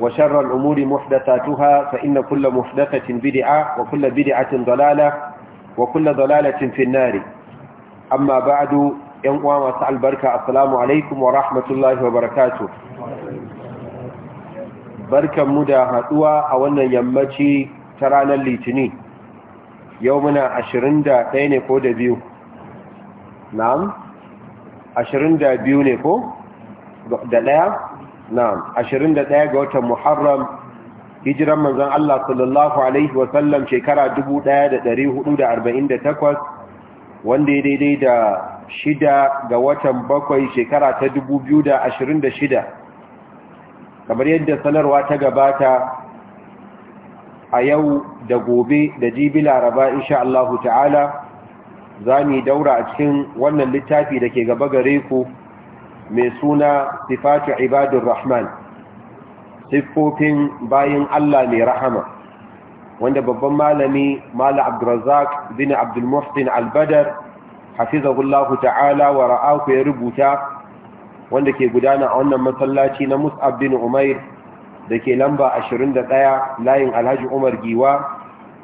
وشر الأمور محدثاتها فإن كل محدثة بدعة وكل بدعة ضلالة وكل ضلالة في النار أما بعد ينقوى وسع البركة السلام عليكم ورحمة الله وبركاته بركة مدى هدوى أولا يمتي ترانا الليتني يومنا عشرين دا تيني كود بيو نعم عشرين دا بيو نيكو دا لا na'am 21 ga watan muharram hijiran manzon Allah sallallahu alaihi Sallam shekara 1448 wanda ya daidai da shida ga watan bakwai shekara ta 2026 kamar yadda sanarwa ta gabata a yau da gobe da jibi laraba insha Allah ta'ala za mu daura a cikin wannan littafi da ke gaba gare ku mai suna sifatu ibadur rahman siffofin bayan Allah mai rahama wanda babban malami mala abdurrazzaq bin abdulmuhsin Albadar, albadar hafizahullahu ta'ala wa ra'aku ya rubuta wanda ke gudana a wannan masallaci na mus'ab bin umair da ke lamba 21 layin alhaji umar giwa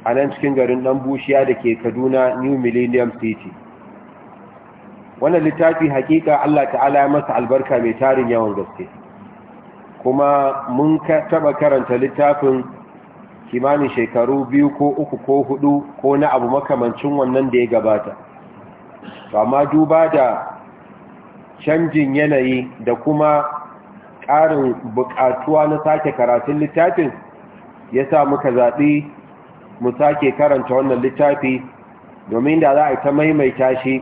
a nan cikin garin dan bushiya da ke kaduna new millennium city wannan littafi hakika Allah ta'ala ya masa albarka mai tarin yawan gaske kuma mun taba karanta littafin kimanin shekaru biyu ko uku ko hudu ko na abu makamancin wannan da ya gabata amma duba da canjin yanayi da kuma ƙarin buƙatuwa na sake karatun littafin ya sa muka zaɓi mu sake karanta wannan littafi domin da za a ta maimaita shi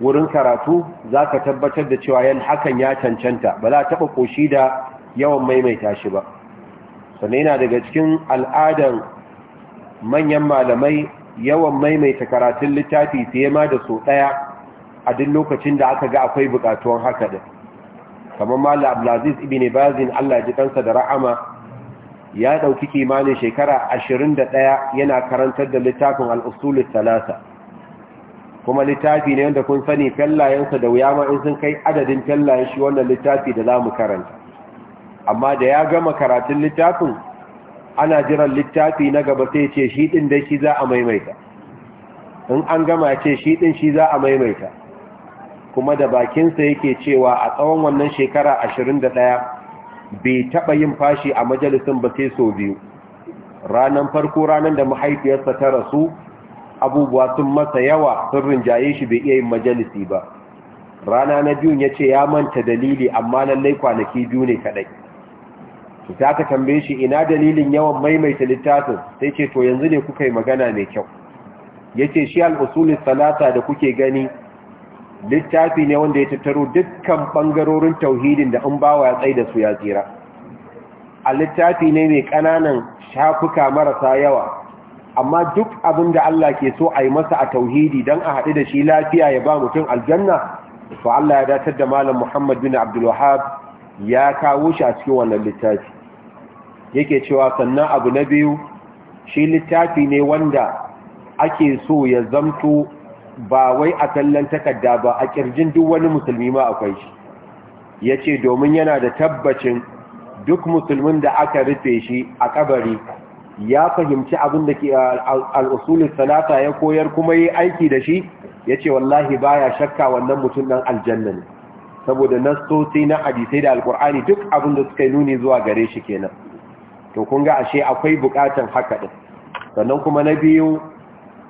wurin karatu za ka tabbatar da cewa yan hakan ya cancanta ba za a taɓa ƙoshi da yawan maimaita shi ba sannan yana daga cikin al'adar manyan malamai yawan maimaita karatun littafi fiye ma da so ɗaya a duk lokacin da aka ga akwai buƙatuwan haka da kamar Malam abdulaziz ibn bazin allah ji kansa da ra'ama ya ɗauki kimanin shekara ashirin da ɗaya yana karantar da littafin al'usulun talata kuma littafi ne wanda kun sani fellayensa da wuya ma in sun kai adadin fellayen shi wannan littafi da za mu karanta amma da ya gama karatun littafin ana jiran littafi na gaba sai ce shi ɗin da shi za a maimaita in an gama ce shi ɗin shi za a maimaita kuma da bakinsa yake cewa a tsawon wannan shekara ashirin da ɗaya bai taɓa yin fashi a majalisun ba sai sau biyu Ranan farko ranar da mahaifiyarsa ta rasu abubuwa sun masa yawa sun rinjaye shi bai iya yin majalisi ba rana na biyun ya ce ya manta dalili amma lallai kwanaki biyu ne kadai su ta ka tambaye shi ina dalilin yawan maimaita littafin sai ce to yanzu ne kuka yi magana mai kyau ya ce shi al'usulin salata da kuke gani littafi ne wanda ya tattaro dukkan bangarorin tauhidin da an ba wa tsaye da su ya tsira a littafi ne mai ƙananan shafuka marasa yawa amma duk abin da Allah ke so a yi masa a tauhidi don a haɗu da shi lafiya ya ba mutum aljanna to Allah ya datar da malam Muhammad bin Abdulwahab ya kawo shi a cikin wannan littafi yake cewa sannan abu na biyu shi littafi ne wanda ake so ya zamto ba wai a kallon takarda ba a kirjin duk wani musulmi ma akwai shi ya ce domin yana da tabbacin duk musulmin da aka rufe shi a kabari ya fahimci abin da ke uh, al'usulun sanata ya koyar kuma yi aiki da shi ya ce wallahi ba ya shakka wannan mutum ɗan aljanna ne saboda nastoci na hadisai da alkur'ani duk abin da suka yi nuni zuwa gare shi kenan to kun ga ashe akwai bukatan haka ɗin sannan kuma na biyu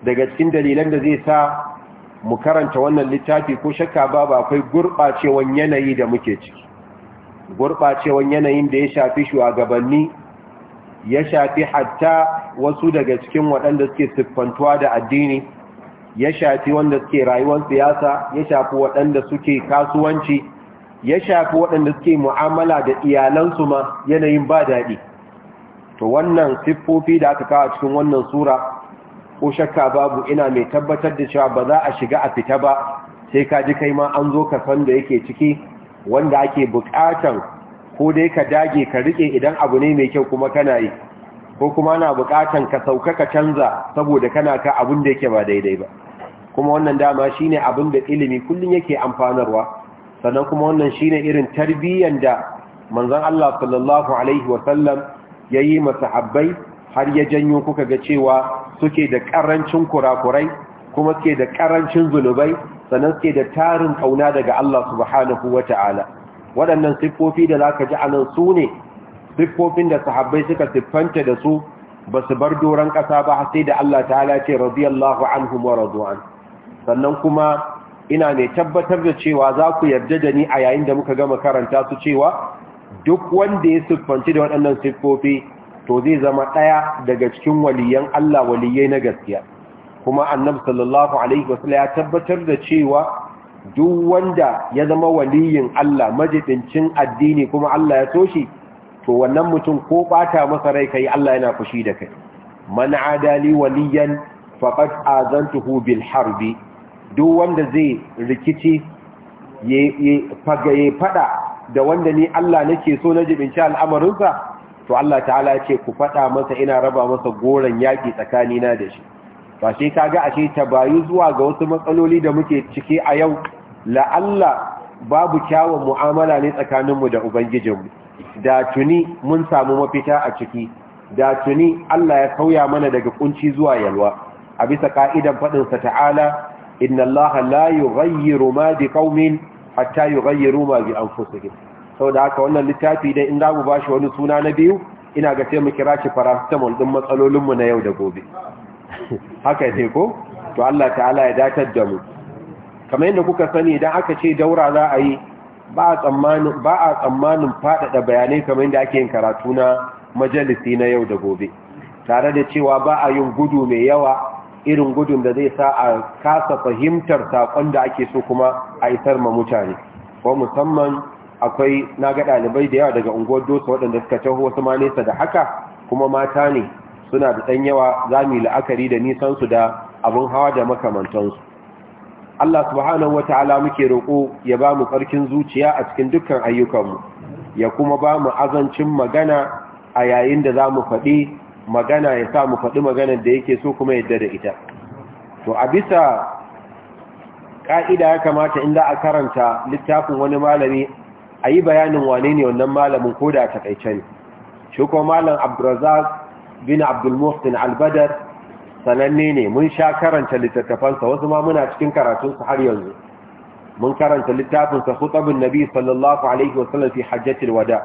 daga cikin dalilan da zai sa mu karanta wannan littafi ko shakka ba akwai gurɓacewan yanayi da muke ciki gurɓacewan yanayin da ya shafi shugabanni ya shafi hatta wasu daga cikin waɗanda suke siffantuwa da addini ya shafi wanda suke rayuwar siyasa ya shafi waɗanda suke kasuwanci ya shafi waɗanda suke mu'amala da iyalansu ma yanayin ba daɗi to wannan siffofi da aka kawo cikin wannan sura ko shakka babu ina mai tabbatar da cewa ba za a shiga a fita ba sai ka ji kai ma an zo ka da yake ciki wanda ake buƙatan ko dai ka dage ka rike idan abu ne mai kyau kuma kana yi ko kuma na bukatan ka sauka ka canza saboda kana ka abin da yake ba daidai ba kuma wannan dama shine abin da ilimi kullun yake amfanarwa sannan kuma wannan shine irin tarbiyyar da manzon Allah sallallahu alaihi wa sallam yayi masahabbai har ya janyo kuka ga cewa suke da karancin kurakurai kuma suke da karancin zunubai sannan suke da tarin kauna daga Allah subhanahu wata'ala waɗannan siffofi da za ka ji a nan su ne siffofin da sahabbai suka siffanta da su ba su bar doron ƙasa ba sai da Allah ta'ala ce radiyallahu anhu wa radu'an sannan kuma ina ne tabbatar da cewa za ku yarda da ni a yayin da muka gama karanta su cewa duk wanda ya siffanci da waɗannan siffofi to zai zama ɗaya daga cikin waliyan Allah waliyai na gaskiya kuma annabi sallallahu alaihi wasallam ya tabbatar da cewa duk wanda ya zama waliyin Allah majidincin addini kuma Allah ya so shi to wannan mutum ko bata masa rai kai Allah yana kushi da kai man adali waliyan faqad azantuhu bil harbi duk wanda zai rikici ya fagaye fada da wanda ni Allah nake so na jibinci al'amarinsa to Allah ta'ala ya ce ku fada masa ina raba masa goran yaki tsakanina da shi ba sai ga ashe bayu zuwa ga wasu matsaloli da muke ciki a yau la'alla babu kyawun mu'amala ne tsakaninmu da ubangijinmu da tuni mun samu mafita a ciki da tuni Allah ya kauya mana daga kunci zuwa yalwa a bisa ka'idan faɗinsa ta'ala inna Allah la yughayyiru ma biqaumin hatta yughayyiru ma bi anfusihim saboda haka wannan littafi dai in zamu bashi wani suna na biyu ina ga sai mu kira shi paracetamol din matsalolin na yau da gobe haka ce ko to Allah ta'ala ya datar da mu kamar yadda kuka sani idan aka ce daura za a yi ba a tsammanin ba a tsammanin faɗaɗa bayanai kamar yadda ake yin karatu na majalisi na yau da gobe tare da cewa ba a yin gudu mai yawa irin gudun da zai sa a kasa fahimtar saƙon da ake so kuma a isar ma mutane ko musamman akwai na ga ɗalibai da yawa daga unguwar dosa waɗanda suka taho wasu ma nesa da haka kuma mata ne suna da ɗan yawa za mu yi la'akari da nisansu da abin hawa da makamantansu Allah subhanahu wa ta'ala muke roƙo ya ba mu ƙarfin zuciya a cikin dukkan ayyukanmu ya kuma ba mu azancin magana a yayin da za mu faɗi magana ya sa mu faɗi maganar da yake so kuma yadda da ita to a bisa ƙa'ida ya kamata inda a karanta littafin wani malami a yi bayanin wane ne wannan malamin ko da a taƙaice ne shi kuma malam abdurazak bin abdulmuhsin albadar sananne ne mun sha karanta littattafansa wasu ma muna cikin karatunsa har yanzu mun karanta littafinsa hutabin nabi sallallahu alaihi wasallam fi hajjatul wada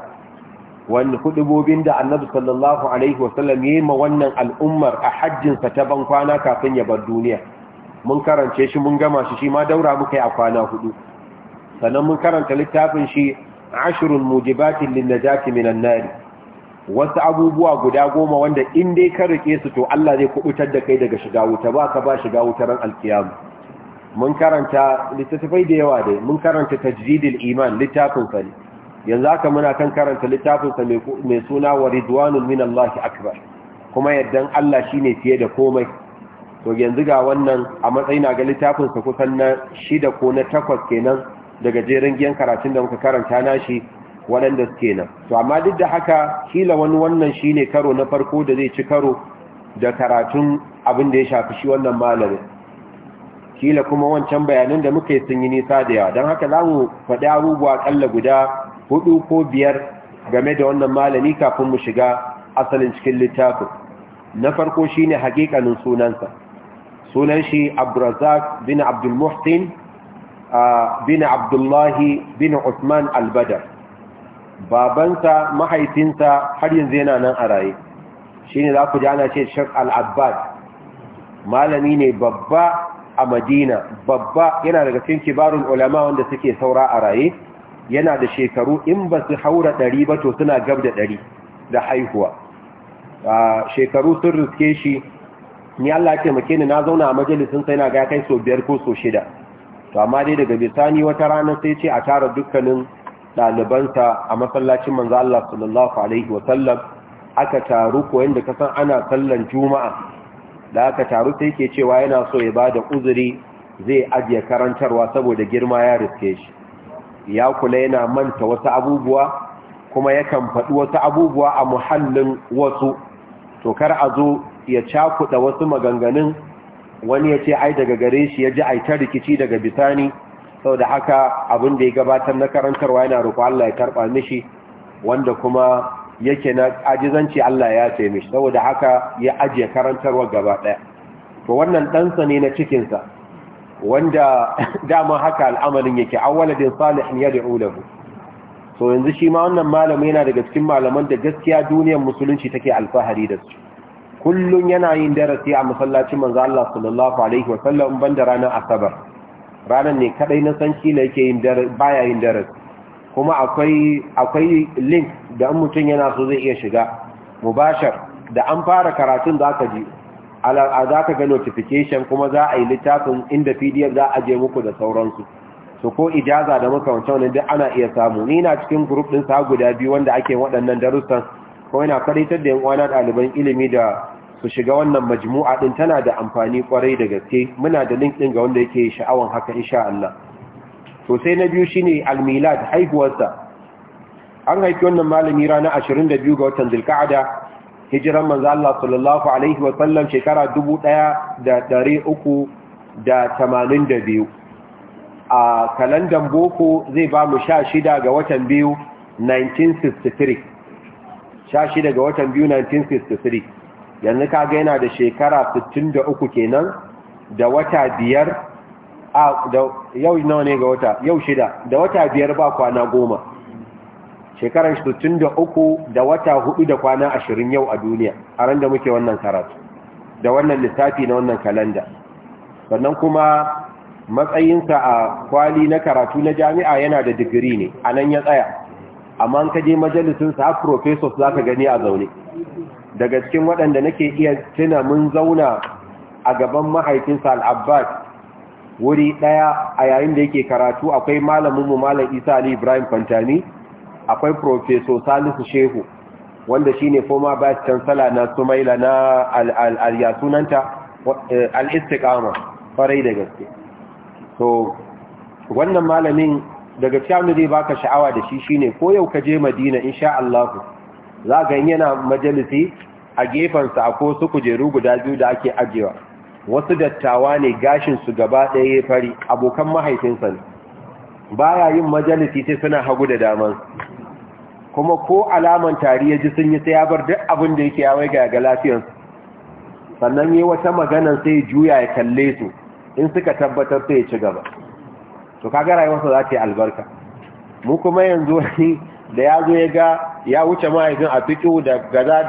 wani hudubobin da annabi sallallahu alaihi wasallam ya yi ma wannan al'ummar a hajjinsa ta ban kwana kafin ya bar duniya mun karance shi mun gama shi shi ma daura muka yi a kwana hudu sannan mun karanta littafin shi ashrul mujibatin lin najati minan nari wasu abubuwa guda goma wanda in dai ka rike su to Allah zai kubutar da kai daga shiga wuta ba ka ba shiga wutar alkiyama mun karanta littafai da yawa dai mun karanta tajridil iman littafin sa ne yanzu haka muna kan karanta littafin sa mai suna wa ridwanul min Allah akbar kuma yadda Allah shine fiye da komai to yanzu ga wannan a matsayin ga littafin sa kusan na shida ko na takwas kenan daga jerin giyan karatun da muka karanta nashi waɗanda suke nan to amma duk da haka kila wani wannan shi ne karo na farko da zai ci karo da karatun abin da ya shafi shi wannan malamin kila kuma wancan bayanan da muka yi sun yi nisa da yawa don haka za mu faɗi abubuwa ƙalla guda hudu ko biyar game da wannan malami kafin mu shiga asalin cikin littafin na farko shi ne hakikanin sunansa sunan shi abdurazak bin abdul ah, bin abdullahi bin usman albadar babansa mahaifinsa har yanzu yana nan a raye Shi ne za ku ji ana ce shek al malami ne babba a madina babba yana daga cikin kibarun ulama wanda suke saura a raye yana da shekaru in ba su haura ɗari ba to suna gab da ɗari da haihuwa shekaru sun riske shi ni Allah ke ni na zauna a majalisin sai na ga kai so biyar ko so shida to amma dai daga bisani wata rana sai ce a tara dukkanin ɗalibansa a masallacin manzo Allah sallallahu alaihi wasallam aka taru ko yanda kasan ana sallan juma'a da aka taru sai ke cewa yana so ya bada uzuri zai ajiye karantarwa saboda girma ya riske shi ya kula yana manta wasu abubuwa kuma yakan faɗi wasu abubuwa a muhallin wasu to kar a zo ya cakuɗa wasu maganganun wani ya ce ai daga gare shi ya ji ai ta rikici daga bisani sau da haka abin da ya gabatar na karantarwa yana roƙo Allah ya karɓa mishi wanda kuma yake na ajizanci Allah ya ce mishi saboda haka ya ajiye karantarwa gaba ɗaya to wannan ɗansa ne na cikinsa wanda dama haka al'amarin yake awwaladin salihin ya da'u lahu to yanzu shi ma wannan malami yana daga cikin malaman da gaskiya duniyar musulunci take alfahari da su Kullum yana yin darasi a masallacin manzo Allah sallallahu alaihi wasallam banda ranar asabar ranar ne kadai na san shi ne yake yin baya yin darasi kuma akwai akwai link da an mutum yana so zai iya shiga mubashar da an fara karatun za ka ji za ka ga notification kuma za a yi littafin inda pdf za a je muku da sauransu su ko ijaza da makamantar wani duk ana iya samu ni na cikin group din sa guda biyu wanda ake waɗannan darussan ko yana karitar da yan uwana ɗaliban ilimi da Su shiga wannan majmu'a din tana da amfani kwarai da gaske muna da link din ga wanda yake sha'awan haka insha Allah to sai na biyu shine al-milad haihuwarsa an haifi wannan malami ranar 22 ga watan Zulqa'ada hijiran manzo Allah sallallahu alaihi wa sallam shekara 1382 a kalandan boko zai ba mu 16 ga watan biyu 1963 16 ga watan biyu 1963 yanzu kaga yana da shekara 63 kenan da wata biyar a da yau nawa ne ga wata yau shida da wata biyar ba kwana goma shekarar 63 da wata hudu da kwana 20 yau a duniya a ran da muke wannan karatu da wannan littafi na wannan kalanda sannan kuma matsayinsa a kwali na karatu na jami'a yana da digiri ne a nan ya tsaya amma an kaje majalisinsa har professors za ka gani a zaune daga cikin waɗanda nake iya tuna mun zauna a gaban mahaifinsa al'abbas wuri ɗaya a yayin da yake karatu akwai malaminmu malam isa ali ibrahim fantani akwai profeso salisu shehu wanda shine former vice chancellor na sumaila na al'asunanta al'istikama farai da gaske so wannan malamin daga cikin da baka sha'awa da shi shine ko yau ka je madina insha Allah za ka yi yana majalisi a gefensa ko su kujeru guda biyu da ake ajiyewa wasu dattawa ne gashin su gaba ɗaya ya fari abokan mahaifinsa ne baya yin majalisi sai suna hagu da daman kuma ko alaman tari ya ji sun yi sai ya bar duk abin da yake yawai ga lafiyansu sannan yi wata maganan sai juya ya kalle su in suka tabbatar sai ya ci gaba to yi rayuwarsa za ta yi albarka mu kuma yanzu wani da ya zo ya ga ya wuce mahaifin a fito da gaza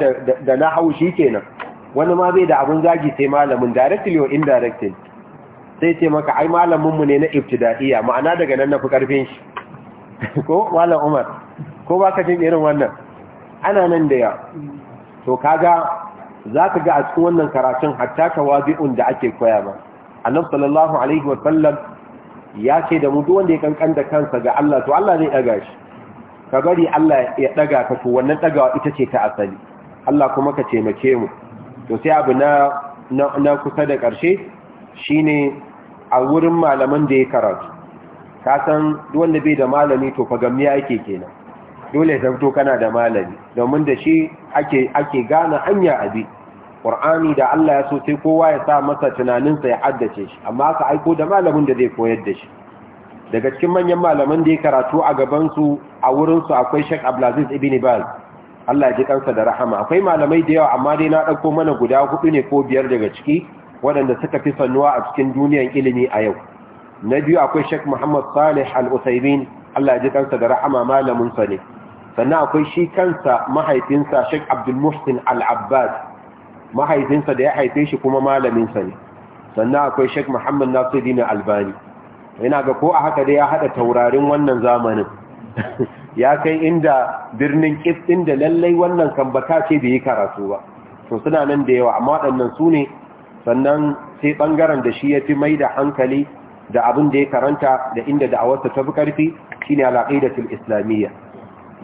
da na hau shi kenan wani ma zai da abin zagi sai malamin directly or indirectly sai ce maka ai malaminmu ne na ibtidaiya ma'ana daga nan na fi karfin shi ko malam umar ko ba ka jin irin wannan ana nan da ya to kaga za ka ga a cikin wannan karatun hatta wabi'un da ake koya ba annabi sallallahu alaihi wa sallam ya ce da mu duk wanda ya kankan da kansa ga Allah to Allah zai daga shi ka bari Allah ya ɗaga ka to wannan ɗagawa ita ce ta asali Allah kuma ka taimake mu to sai abu na kusa da ƙarshe shine a wurin malaman da ya karatu ka san wanda bai da malami to fa gamiya yake kenan dole ya kana da malami domin da shi ake ake gane hanya abi Qur'ani da Allah ya so sai kowa ya sa masa tunaninsa ya haddace shi amma ka aiko da malamin da zai koyar da shi daga cikin manyan malaman da ya karatu a gabansu a wurinsu akwai Sheikh Abdulaziz Ibn Baz Allah ya ji kansa da rahama akwai malamai da yawa amma dai na ɗauko mana guda hudu ne ko biyar daga ciki waɗanda suka fi sannuwa a cikin duniyar ilimi a yau na biyu akwai Sheikh Muhammad Salih Al-Utsaimin Allah ya ji kansa da rahama malamin sa ne sannan akwai shi kansa mahaifinsa Sheikh Abdul Muhsin Al-Abbas mahaifinsa da ya haife shi kuma malamin sa ne sannan akwai Sheikh Muhammad Nasiruddin Albani ina ga ko a haka dai ya haɗa taurarin wannan zamanin ya kai inda birnin kif inda lallai wannan kambata ce bai yi karatu ba to suna nan da yawa amma waɗannan su ne sannan sai ɓangaren da shi ya fi mai da hankali da abin da ya karanta da inda da awarta ta fi ƙarfi shine ne alaƙidatul islamiyya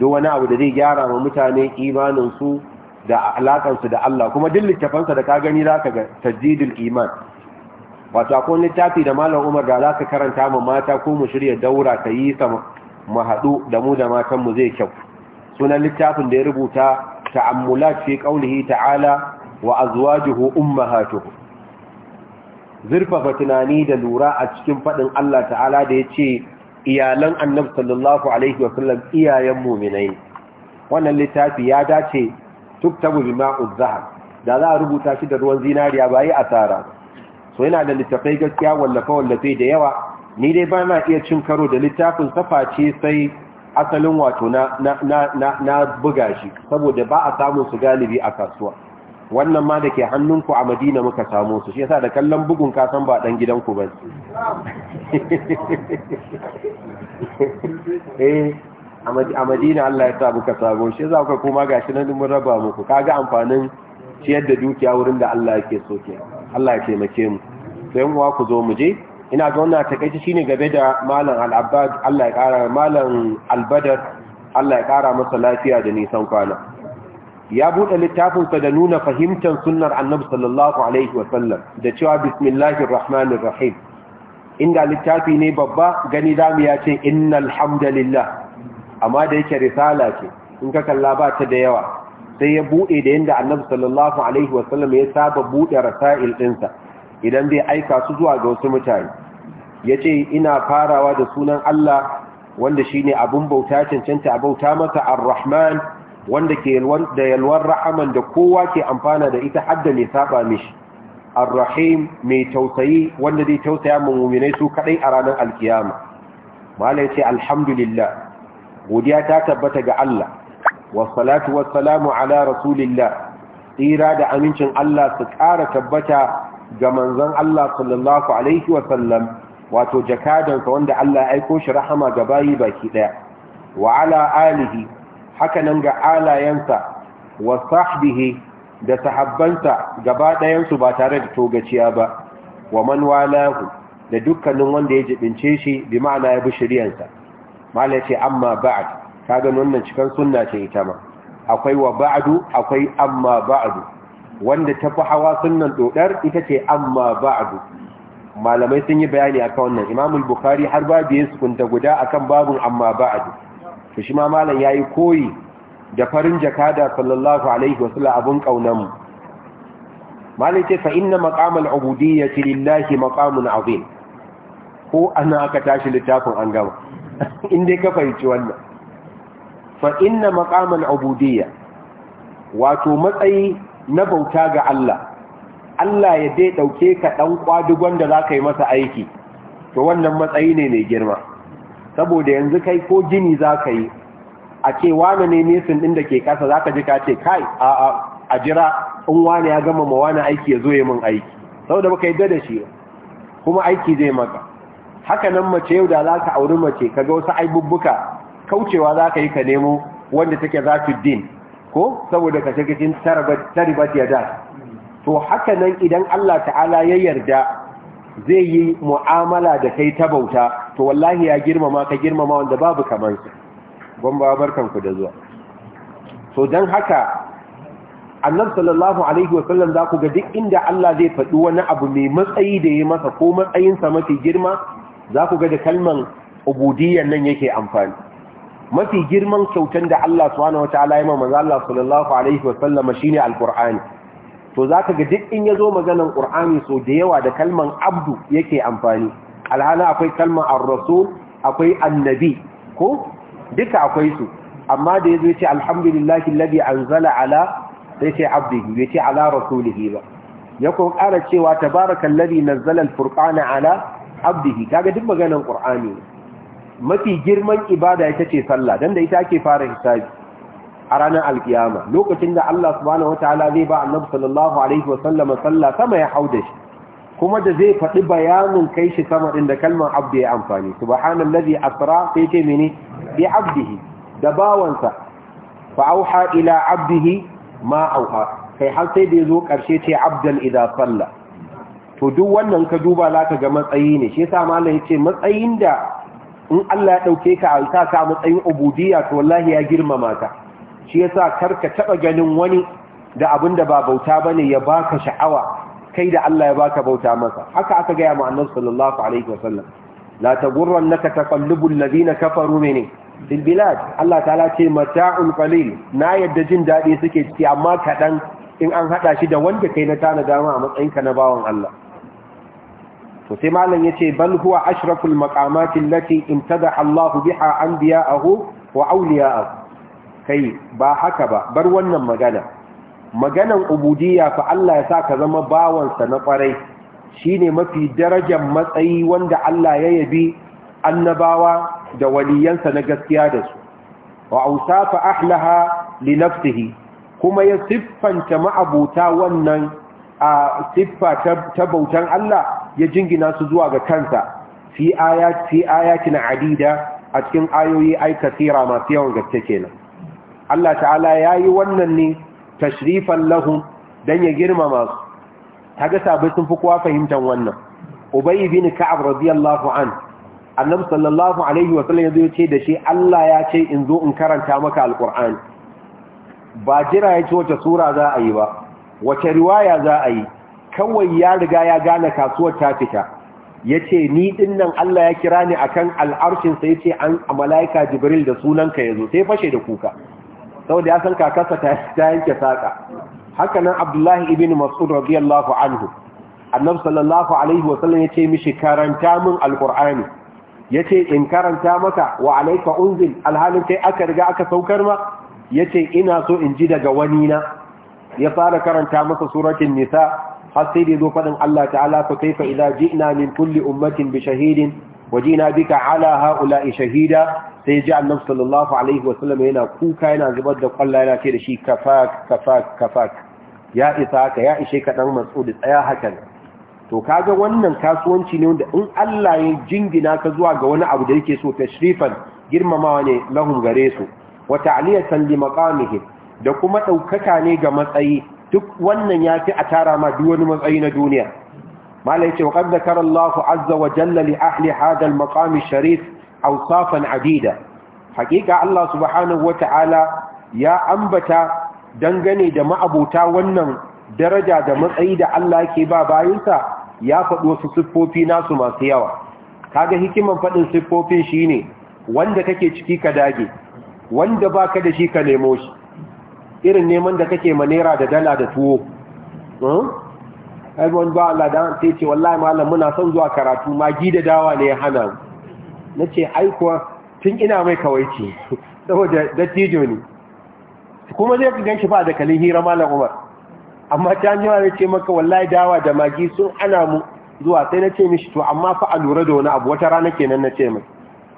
duk wani abu da zai gyara ma mutane imaninsu da alaƙansu da Allah kuma duk littafansa da ka gani za ka ga tajjidul iman wato akwai littafi da malam umar da za ka karanta ma mata ko mu shirya daura ta yi sa mu haɗu da mu da matan mu zai kyau sunan littafin da ya rubuta ta'ammulat fi qawlihi ta'ala wa azwajuhu ummahatuhu zurfafa tunani da lura a cikin faɗin Allah ta'ala da ya ce iyalan annabi sallallahu alaihi wasallam iyayen muminai wannan littafi ya dace tuktabu bima'uz zahab da za a rubuta shi da ruwan zinariya ba yi asara to yana da littafai gaskiya wallafa wallafe da yawa ni dai ba na iya cin karo da littafin safaci sai asalin wato na na buga shi saboda ba a samun su galibi a kasuwa wannan ma da ke hannunku a madina muka samu su shi yasa da kallon bugun kasan ba dan gidanku ba eh a madina Allah ya sa muka samu shi yasa kuka kuma gashi nan mun raba muku kaga amfanin ciyar da dukiya wurin da Allah yake so ke Allah ya taimake mu yan uwa ku zo mu je ina ga wannan takaice shine game da malam al-abbad Allah ya kara malam al-badar Allah ya kara masa lafiya da nisan kwana ya bude littafin sa da nuna fahimtar sunnar annabi sallallahu alaihi wa sallam da cewa bismillahir rahmanir rahim inda littafi ne babba gani zamu ya ce innal hamdalillah amma da yake risala ce in ka kalla ba ta da yawa sai ya bude da yanda annabi sallallahu alaihi wa sallam ya saba bude rasail dinsa idan zai aika su zuwa ga wasu mutane ya ce ina farawa da sunan Allah wanda shi ne abin bauta cancanta a bauta masa ar-rahman wanda ke da yalwar rahaman da kowa ke amfana da ita hadda mai saba mishi ar-rahim mai tausayi wanda zai tausaya muminai su kadai a ranar alkiyama malai ce alhamdulillah godiya ta tabbata ga Allah wassalatu wassalamu ala rasulillah tsira da amincin Allah su ƙara tabbata ga manzon Allah sallallahu alaihi wa wato jakadansa wanda Allah ya aiko shi rahama ga bayi baki ɗaya. wa ala alihi haka nan ga alayensa, wa sahbihi da sahabbansa gaba ba tare da togaciya ba wa man walahu da dukkanin wanda ya jibince shi bi ma'ana ya bi shiriyansa mala ce amma ba'ad, ka wannan cikan sunna ce ita ma akwai wa ba'adu, akwai amma ba'adu. wanda ta fi hawa sunnan dodar ita ce amma ba'du malamai sun yi bayani akan wannan Imamul bukhari har babu yin sukunta guda akan babun amma ba'du to shi ma malam yayi koyi da farin jakada sallallahu alaihi wasallam abun kaunan mu malai ce fa inna maqamal ubudiyyati lillahi maqamun azim ko ana aka tashi littafin an gama in dai ka fahimci wannan fa inna maqamal ubudiyya wato matsayi na bauta ga Allah Allah ya dai ɗauke ka ɗan ƙwadugon da za ka yi masa aiki to wannan matsayi ne mai girma saboda yanzu kai ko gini za ka yi a ce wane ne nesin ɗin da ke ƙasa za ka ji ka ce kai a jira in wane ya gama ma wane aiki ya zo ya min aiki saboda baka yi da shi kuma aiki zai maka haka nan mace yau da za ka auri mace ka ga wasu aibubbuka kaucewa za ka yi ka nemo wanda take za din ko saboda ka cikin ya yada to haka nan idan Allah ta'ala ya yarda zai yi mu'amala da kai ta bauta to wallahi ya girmama ka girmama wanda babu kamar su barkanku da zuwa so don haka annabi sallallahu alaihi wasallam za ku ga duk inda Allah zai faɗi wani abu mai matsayi da ya masa ko matsayinsa mafi girma za ku ga da kalman ubudiyyan nan yake amfani mafi girman kyautan da Allah subhanahu wataala ya manzo Allah sallallahu alaihi wa sallam shine alqur'ani to zaka ga duk in ya zo maganan qur'ani so da yawa da kalman abdu yake amfani alhana akwai kalman ar-rasul akwai annabi ko duka akwai su amma da ya yazo ce alhamdulillahi an anzala ala abdu ya ce ala rasulihi ba yako ƙara cewa na zala al-furqana ala abdu duk maganan Kur'ani mafi girman ibada ita ce sallah dan da ita ake fara hisabi a ranar alkiyama lokacin da Allah subhanahu wataala zai ba annabi sallallahu alaihi wasallam sallah sama ya hau da shi kuma da zai faɗi bayanin kai shi sama din da kalmar abdu ya amfani subhanallazi asra sai ce mene bi abdihi da bawansa fa auha ila abdihi ma auha kai har sai da ya zo karshe ce abdan idza Sallah. to duk wannan ka duba zaka ga matsayi ne shi yasa ya ce matsayin da in Allah ya ɗauke ka a ka a matsayin ubudiyya to wallahi ya girmama ka shi yasa kar ka taɓa ganin wani da abin da ba bauta bane ya baka sha'awa kai da Allah ya baka bauta masa haka aka gaya mu annabi sallallahu alaihi wasallam la tagurrannaka taqallubul ladina kafaru mini fil bilad Allah ta'ala ce mata'un qalil na yadda jin dadi suke ciki amma kadan in an hada shi da wanda kai na tana dama a matsayinka na bawon Allah to sai malam yace bal huwa ashraful maqamati allati imtadaha Allah biha anbiya'ahu wa awliya'ahu kai ba haka ba bar wannan magana maganan ubudiyya fa Allah ya saka zama bawansa na kwarai shine mafi darajar matsayi wanda Allah ya yabi annabawa da waliyansa na gaskiya da su wa ausafa ahlaha li nafsihi kuma ya siffanta ma'abuta wannan a siffa ta bautan Allah ya jingina su zuwa ga kansa fi ayatina adida a cikin ayoyi ai kasira masu yawan gaske kenan Allah ta'ala ya yi wannan ne tashrifan lahun don ya girmama su ga sabi sun fi kuwa fahimtar wannan ubayy bin ka'ab radiyallahu an annabi sallallahu alaihi wa sallam ya ce da shi Allah ya ce in zo in karanta maka alqur'ani ba jira ya ce wata sura za a yi ba wace riwaya za a yi kawai ya riga ya gane kasuwar ta fita ya ce ni dinnan Allah ya kira ni akan al'arshinsa ya ce an mala'ika jibril da sunanka ya zo sai fashe da kuka Sau da ya san kakarsa ta yanke saƙa hakanan nan abdullahi ibn mas'ud radiyallahu anhu annab sallallahu alaihi wasallam ya ce mishi karanta min alƙur'ani ya ce in karanta maka wa alaika unzil alhalin kai aka riga aka saukar ma ya ce ina so in ji daga wani na ya fara karanta masa suratul nisa har sai da zo fadin Allah ta'ala fa kaifa idza ji'na min kulli ummatin bi shahidin wajina bika ala haula'i shahida sai ji annabi sallallahu alaihi wasallam yana kuka yana zubar da kwalla yana ce da shi kafak kafak kafak ya isa ka ya ishe ka dan da tsaya hakan to kaga wannan kasuwanci ne wanda in Allah ya jingina ka zuwa ga wani abu da yake so tashrifan girmamawa ne lahum gare su wa ta'liyatan li maqamihim da kuma ɗaukaka ne ga matsayi duk wannan ya fi a tara ma duk wani matsayi na duniya malai ce waƙar da karar lafi azza wa jallali ahli hadal maƙami sharif ausafan adida hakika Allah subhanahu wa ta'ala ya ambata dangane da ma'abuta wannan daraja da matsayi da Allah ke ba bayansa ya faɗi wasu siffofi nasu masu yawa kaga hikiman faɗin siffofin shine wanda kake ciki ka dage wanda baka da shi ka nemo shi irin neman da kake ma da dala da tuwo hmm? wani ba Allah da sai ce wallahi malam muna son zuwa karatu magi da dawa ne ya hana na ce aikuwa tun ina mai kawaici saboda dattijo ne kuma zai fi ganshi ba da kalin hira malam umar amma ta hanyar ya ce maka wallahi dawa da magi sun ana mu zuwa sai na ce mishi to amma fa a lura da wani abu wata rana kenan na ce mai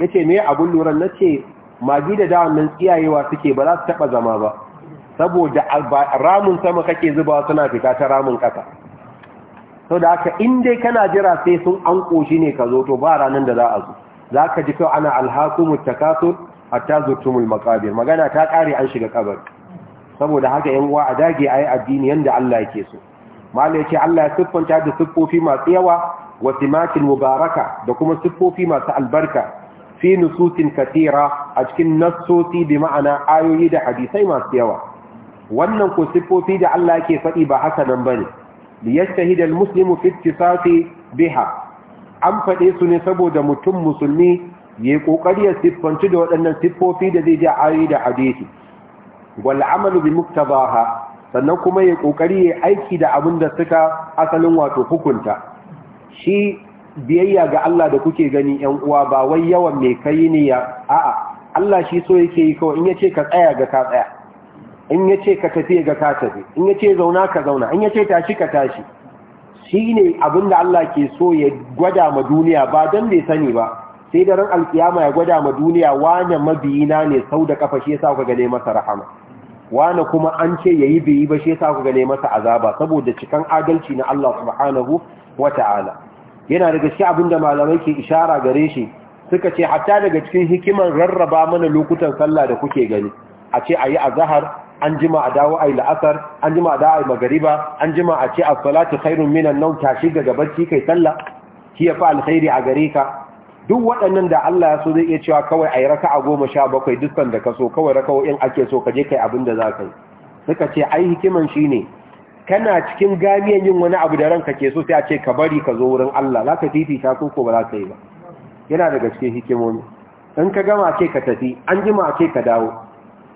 ya ce me abun lura na ce magi da dawa nan tsiyayewa suke ba za su taɓa zama ba saboda ramun sama kake zuba suna fita ta ramun ƙasa sau da haka inda kana jira sai sun an ƙoshi ne ka zo to ba ranar da za a zo za ka ji kyau ana alhakumu ta kaso hatta zurtumul makabir magana ta ƙare an shiga kabar saboda haka yan uwa a dage a yi addini yadda Allah yake so mala ya ce Allah ya siffanta da siffofi masu yawa wa simatin mubaraka da kuma siffofi masu albarka fi nusutin katira a cikin nassosi bi ma'ana ayoyi da hadisai masu yawa wannan ko siffofi da Allah yake faɗi ba haka nan bane liyastahida muslimu fi ittisafi biha an faɗe su ne saboda mutum musulmi yayi kokari ya siffanci da waɗannan siffofi da zai ji ayi da hadisi wal amalu bi muktabaha sannan kuma yayi kokari yayi aiki da abin da suka asalin wato hukunta shi biyayya ga Allah da kuke gani ƴan uwa ba wai yawan me kai ne ya a'a Allah shi so yake yi kawai in yace ka tsaya ga ka tsaya in ya ce ka tafi ga ka tafi in ya ce zauna ka zauna in ya ce tashi ka tashi shi ne abin da Allah ke so ya gwada ma duniya ba don bai sani ba sai da ran alkiyama ya gwada ma duniya wane mabiyina ne sau da kafa shi sa ku gane masa rahama wane kuma an ce ya yayi biyi ba shi sa ku gane masa azaba saboda cikan adalci na Allah subhanahu wata'ala yana daga cikin abin da malamai ke ishara gare shi suka ce hatta daga cikin hikiman rarraba mana lokutan sallah da kuke gani a ce a a zahar an jima a dawo a yi la'asar an jima a dawo a yi magariba an jima a ce a salatu khairun minan nau tashi daga barci kai sallah shi ya fi alkhairi a gare ka duk waɗannan da Allah ya so zai iya cewa kawai a yi raka a goma sha bakwai dukkan da ka so kawai raka in ake so ka je kai abin da za ka yi suka ce ai hikiman shi ne kana cikin gamiyan yin wani abu da ranka ke so sai a ce ka bari ka zo wurin Allah za ka fifita ko ko ba za ka yi ba yana daga cikin hikimomi in ka gama ce ka tafi an jima ce ka dawo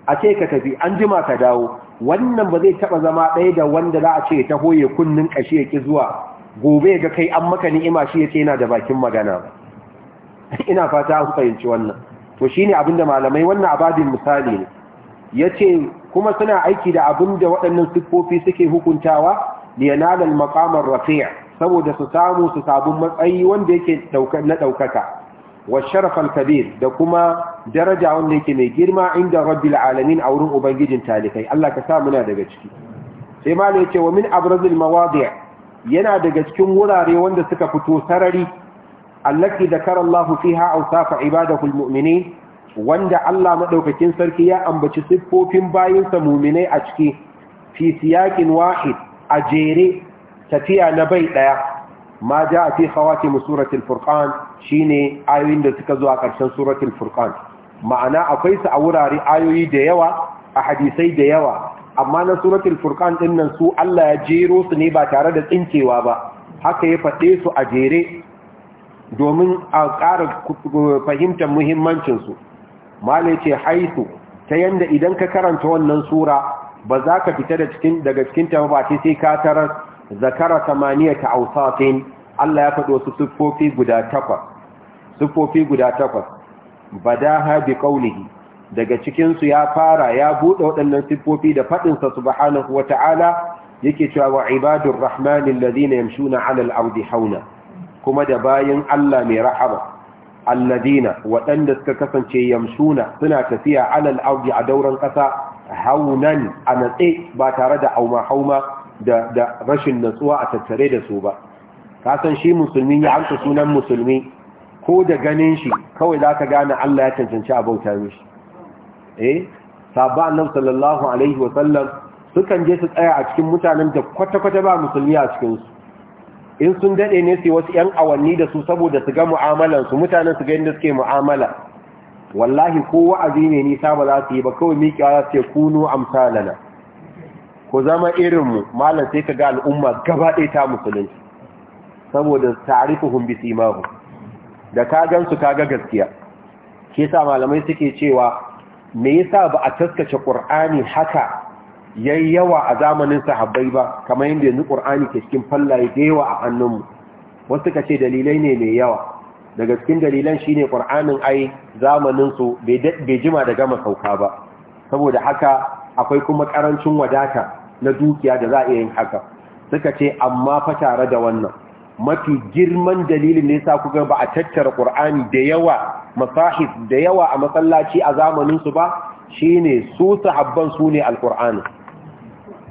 a ce ka tafi an jima ka dawo wannan ba zai taba zama ɗaya da wanda za a ce ta hoye kunnin ƙashi ya ki zuwa gobe ga kai an maka ni'ima shi ya ce yana da bakin magana ina fata an fahimci wannan to shine da malamai wannan abadin misali ne yace kuma suna aiki da abin da waɗannan siffofi suke hukuntawa liyanal maqamar rafia saboda su samu su sabon matsayi wanda yake na ɗaukaka wa sharafan kabir da kuma daraja wanda yake mai girma inda rabbil alamin a wurin ubangijin talikai Allah ka sa muna daga ciki sai ma yace wa min abrazil mawadi' yana daga cikin wurare wanda suka fito sarari allati zakara Allah fiha awsafa ibadahu almu'minin wanda Allah madaukakin sarki ya ambaci siffofin bayinsa mu'minai a cikin fi siyaqin wahid a jere tafiya na bai ɗaya. ma ja fi khawatim suratul furqan shine ayoyin da suka zo a ƙarshen suratul furkan. ma'ana akwai su a wurare ayoyi da yawa a hadisai da yawa amma na suratul furkan din su Allah ya jero su ne ba tare da tsincewa ba haka ya faɗe su a jere domin a ƙara fahimtar muhimmancin su malai ce haihu. ta yanda idan ka karanta wannan sura ba za ka fita daga cikin ta ba sai ka tarar zakara ta awsatin Allah ya faɗo su siffofi guda takwas siffofi guda takwas badaha bi daga cikin su ya fara ya bude waɗannan siffofi da faɗin sa subhanahu wata'ala yake cewa wa ibadur rahmanil ladina yamshuna 'alal ardi hauna kuma da bayin Allah mai rahama alladina waɗanda suka kasance yamshuna suna tafiya 'alal ardi a dauran ƙasa haunan a natse ba tare da hauma hauma da da rashin natsuwa a tattare da su ba ka san shi musulmi ya amsa sunan musulmi ko da ganin shi kawai zaka gane Allah ya cancanci abauta mishi eh sabba annabi sallallahu alaihi wa sallam sukan je su tsaya a cikin mutanen da kwata-kwata ba musulmi a cikin su in sun dade ne sai wasu yan awanni da su saboda su ga mu'amalan su mutanen su ga yadda suke mu'amala wallahi ko wa'azi ne nisa ba za su yi ba kawai miƙiya za su ce kunu amsalana ko zama irinmu malam sai ka ga al'umma gaba ɗaya ta musulunci saboda hun bisi mahu da ka gansu ka ga gaskiya ke sa malamai suke cewa me yasa ba a taskace ƙur'ani haka yayi yawa a zamanin sahabbai ba kamar yadda yanzu Kur'ani ke cikin fallaye da yawa a hannunmu wasu ka ce dalilai ne mai yawa daga cikin dalilan shine ƙur'anin ai zamanin su bai jima da gama sauka ba saboda haka akwai kuma karancin wadata na dukiya da za a yin haka suka ce amma fa tare da wannan mafi girman dalilin ne sa kuga ba a tattara Qur'ani da yawa masahif da yawa a masallaci a zamanin su ba shine su sahabban su ne alqur'ani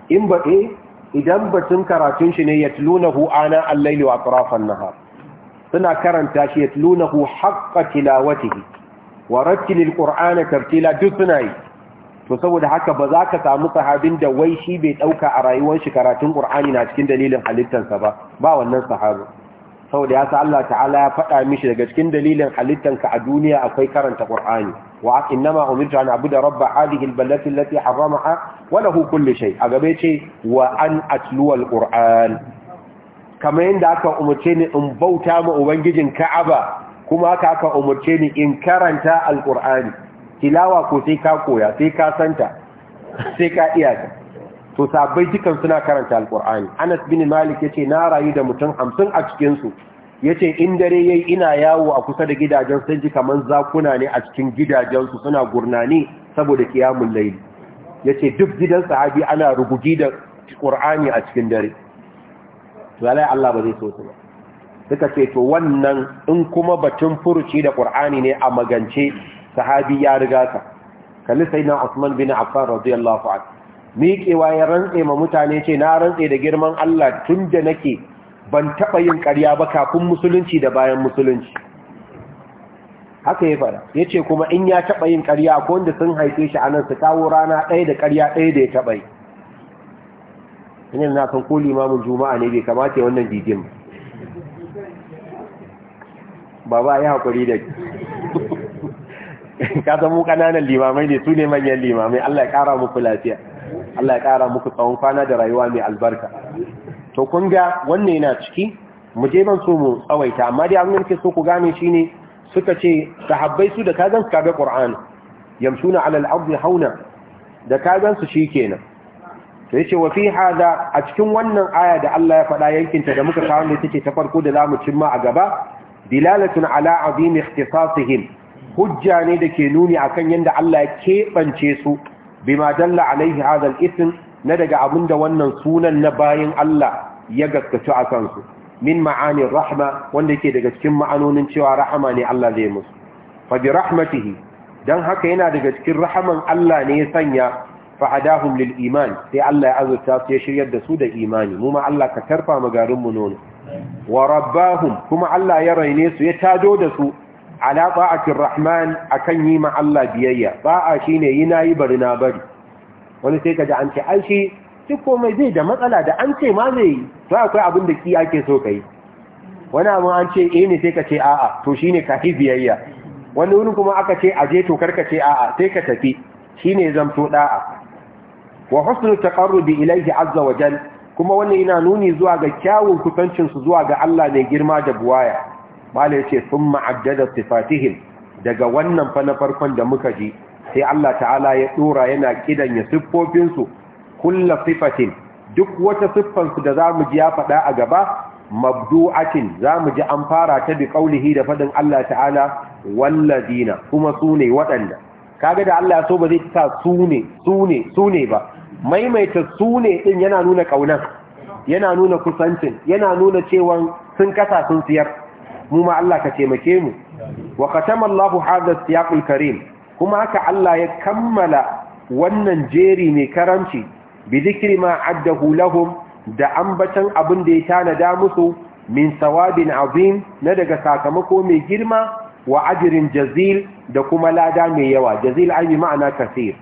in ba eh idan batun karatun shi ne yatlunahu ana al-layli wa atrafan nahar suna karanta shi yatlunahu haqqa tilawatihi wa rattilil qur'ana tartila duk suna yi to saboda haka ba za ka samu sahabin da wai shi bai ɗauka a rayuwar shi karatun ƙur'ani na cikin dalilin halittarsa ba ba wannan sahabi saboda ya sa Allah ta'ala ya faɗa mishi daga cikin dalilin halittanka a duniya akwai karanta Kur'ani. wa innama umirtu an abuda rabba hadhihi albalati allati haramaha wa lahu kulli shay a gabe ce wa an atluwa alquran kamar yadda aka umurce ni in bauta ma ubangijin ka'aba kuma haka aka umurce ni in karanta alqur'ani tilawa ko sai ka koya sai ka santa sai ka iya ta to sabai dukan suna karanta alqur'ani Anas bin Malik yace na rayu da mutum hamsin a cikin su yace in dare yayi ina yawo a kusa da gidajen sun ji kaman zakuna ne a cikin gidajen su suna gurnani saboda kiyamul layl yace duk gidan sahabi ana rubugi da qur'ani a cikin dare to Allah ba zai so su ba suka ce to wannan in kuma batun furuci da qur'ani ne a magance sahabi ya riga ka kalli sayyidina Usman bin Affan radiyallahu anhu miƙewa ya rantse ma mutane ce na rantse da girman Allah tun da nake ban taɓa yin ƙarya ba kafin musulunci da bayan musulunci haka ya fara ya ce kuma in ya taɓa yin ƙarya ko wanda sun haife shi a nan su kawo rana ɗaya da ƙarya ɗaya da ya taɓa yi ina na san ko limamin juma'a ne bai kamata wannan didin ba ba ya haƙuri da ka san mu kananan limamai ne su ne manyan limamai Allah ya kara muku lafiya Allah ya kara muku tsawon kwana da rayuwa mai albarka to kun ga wannan yana ciki mu je ban so mu tsawaita amma dai an da so ku gane shine suka ce sahabbai su da ka gan su kaga Qur'an yamshuna ala al-ardi hauna da ka gan su shikenan to yace wa fi hada a cikin wannan aya da Allah ya faɗa yankinta da muka kawo ne take ta farko da zamu cimma a gaba dilalatun ala azim ikhtisasihim hujja ne da ke nuni akan yadda Allah ya keɓance su bima dalla alaihi hadal isin na daga abin da wannan sunan na bayan Allah ya gaskatu a kansu min ma'anin rahma wanda yake daga cikin ma'anonin cewa rahama ne Allah zai musu fa bi rahmatihi dan haka yana daga cikin rahaman Allah ne ya sanya fa hadahum lil iman sai Allah ya azurta su ya shiryar da su da imani mu ma Allah ka tarfa mu garin mu nono wa rabbahum kuma Allah ya raine su ya tado da su ala ta'atir rahman akan yi ma Allah biyayya ba'a shine yi nayi bari na bari wani sai kaji an ce ai shi duk komai zai da matsala da an ce ma zai yi to akwai abin da ki ake so kai wani abin an ce eh ne sai ka ce a'a to shine ka yi biyayya wani wurin kuma aka ce aje to karka ce a'a sai ka tafi shine zamto da'a wa husnu taqarrubi ilayhi azza wa jalla kuma wannan ina nuni zuwa ga kyawun su zuwa ga Allah mai girma da buwaya mala yace thumma addada sifatihim daga wannan fa na farkon da muka ji sai Allah ta'ala ya dora yana kidan ya siffofin su sifatin duk wata siffansu da da zamu ji ya faɗa a gaba mabdu'atin zamu ji an fara ta bi ƙaunihi da faɗin Allah ta'ala walladina kuma ne waɗanda kaga da Allah so ba zai ta sune ba maimaita sune din yana nuna ƙaunar, yana nuna kusancin yana nuna cewa sun kasa sun siyar mu ma Allah ka taimake mu wa katama Allah hadha siyaqul karim kuma haka Allah ya kammala wannan jeri mai karamci bi dhikri ma addahu lahum da ambatan abin da ya tanada musu min sawabin azim na daga sakamako mai girma wa ajrin jazil da kuma lada mai yawa jazil ai bi ma'ana kaseer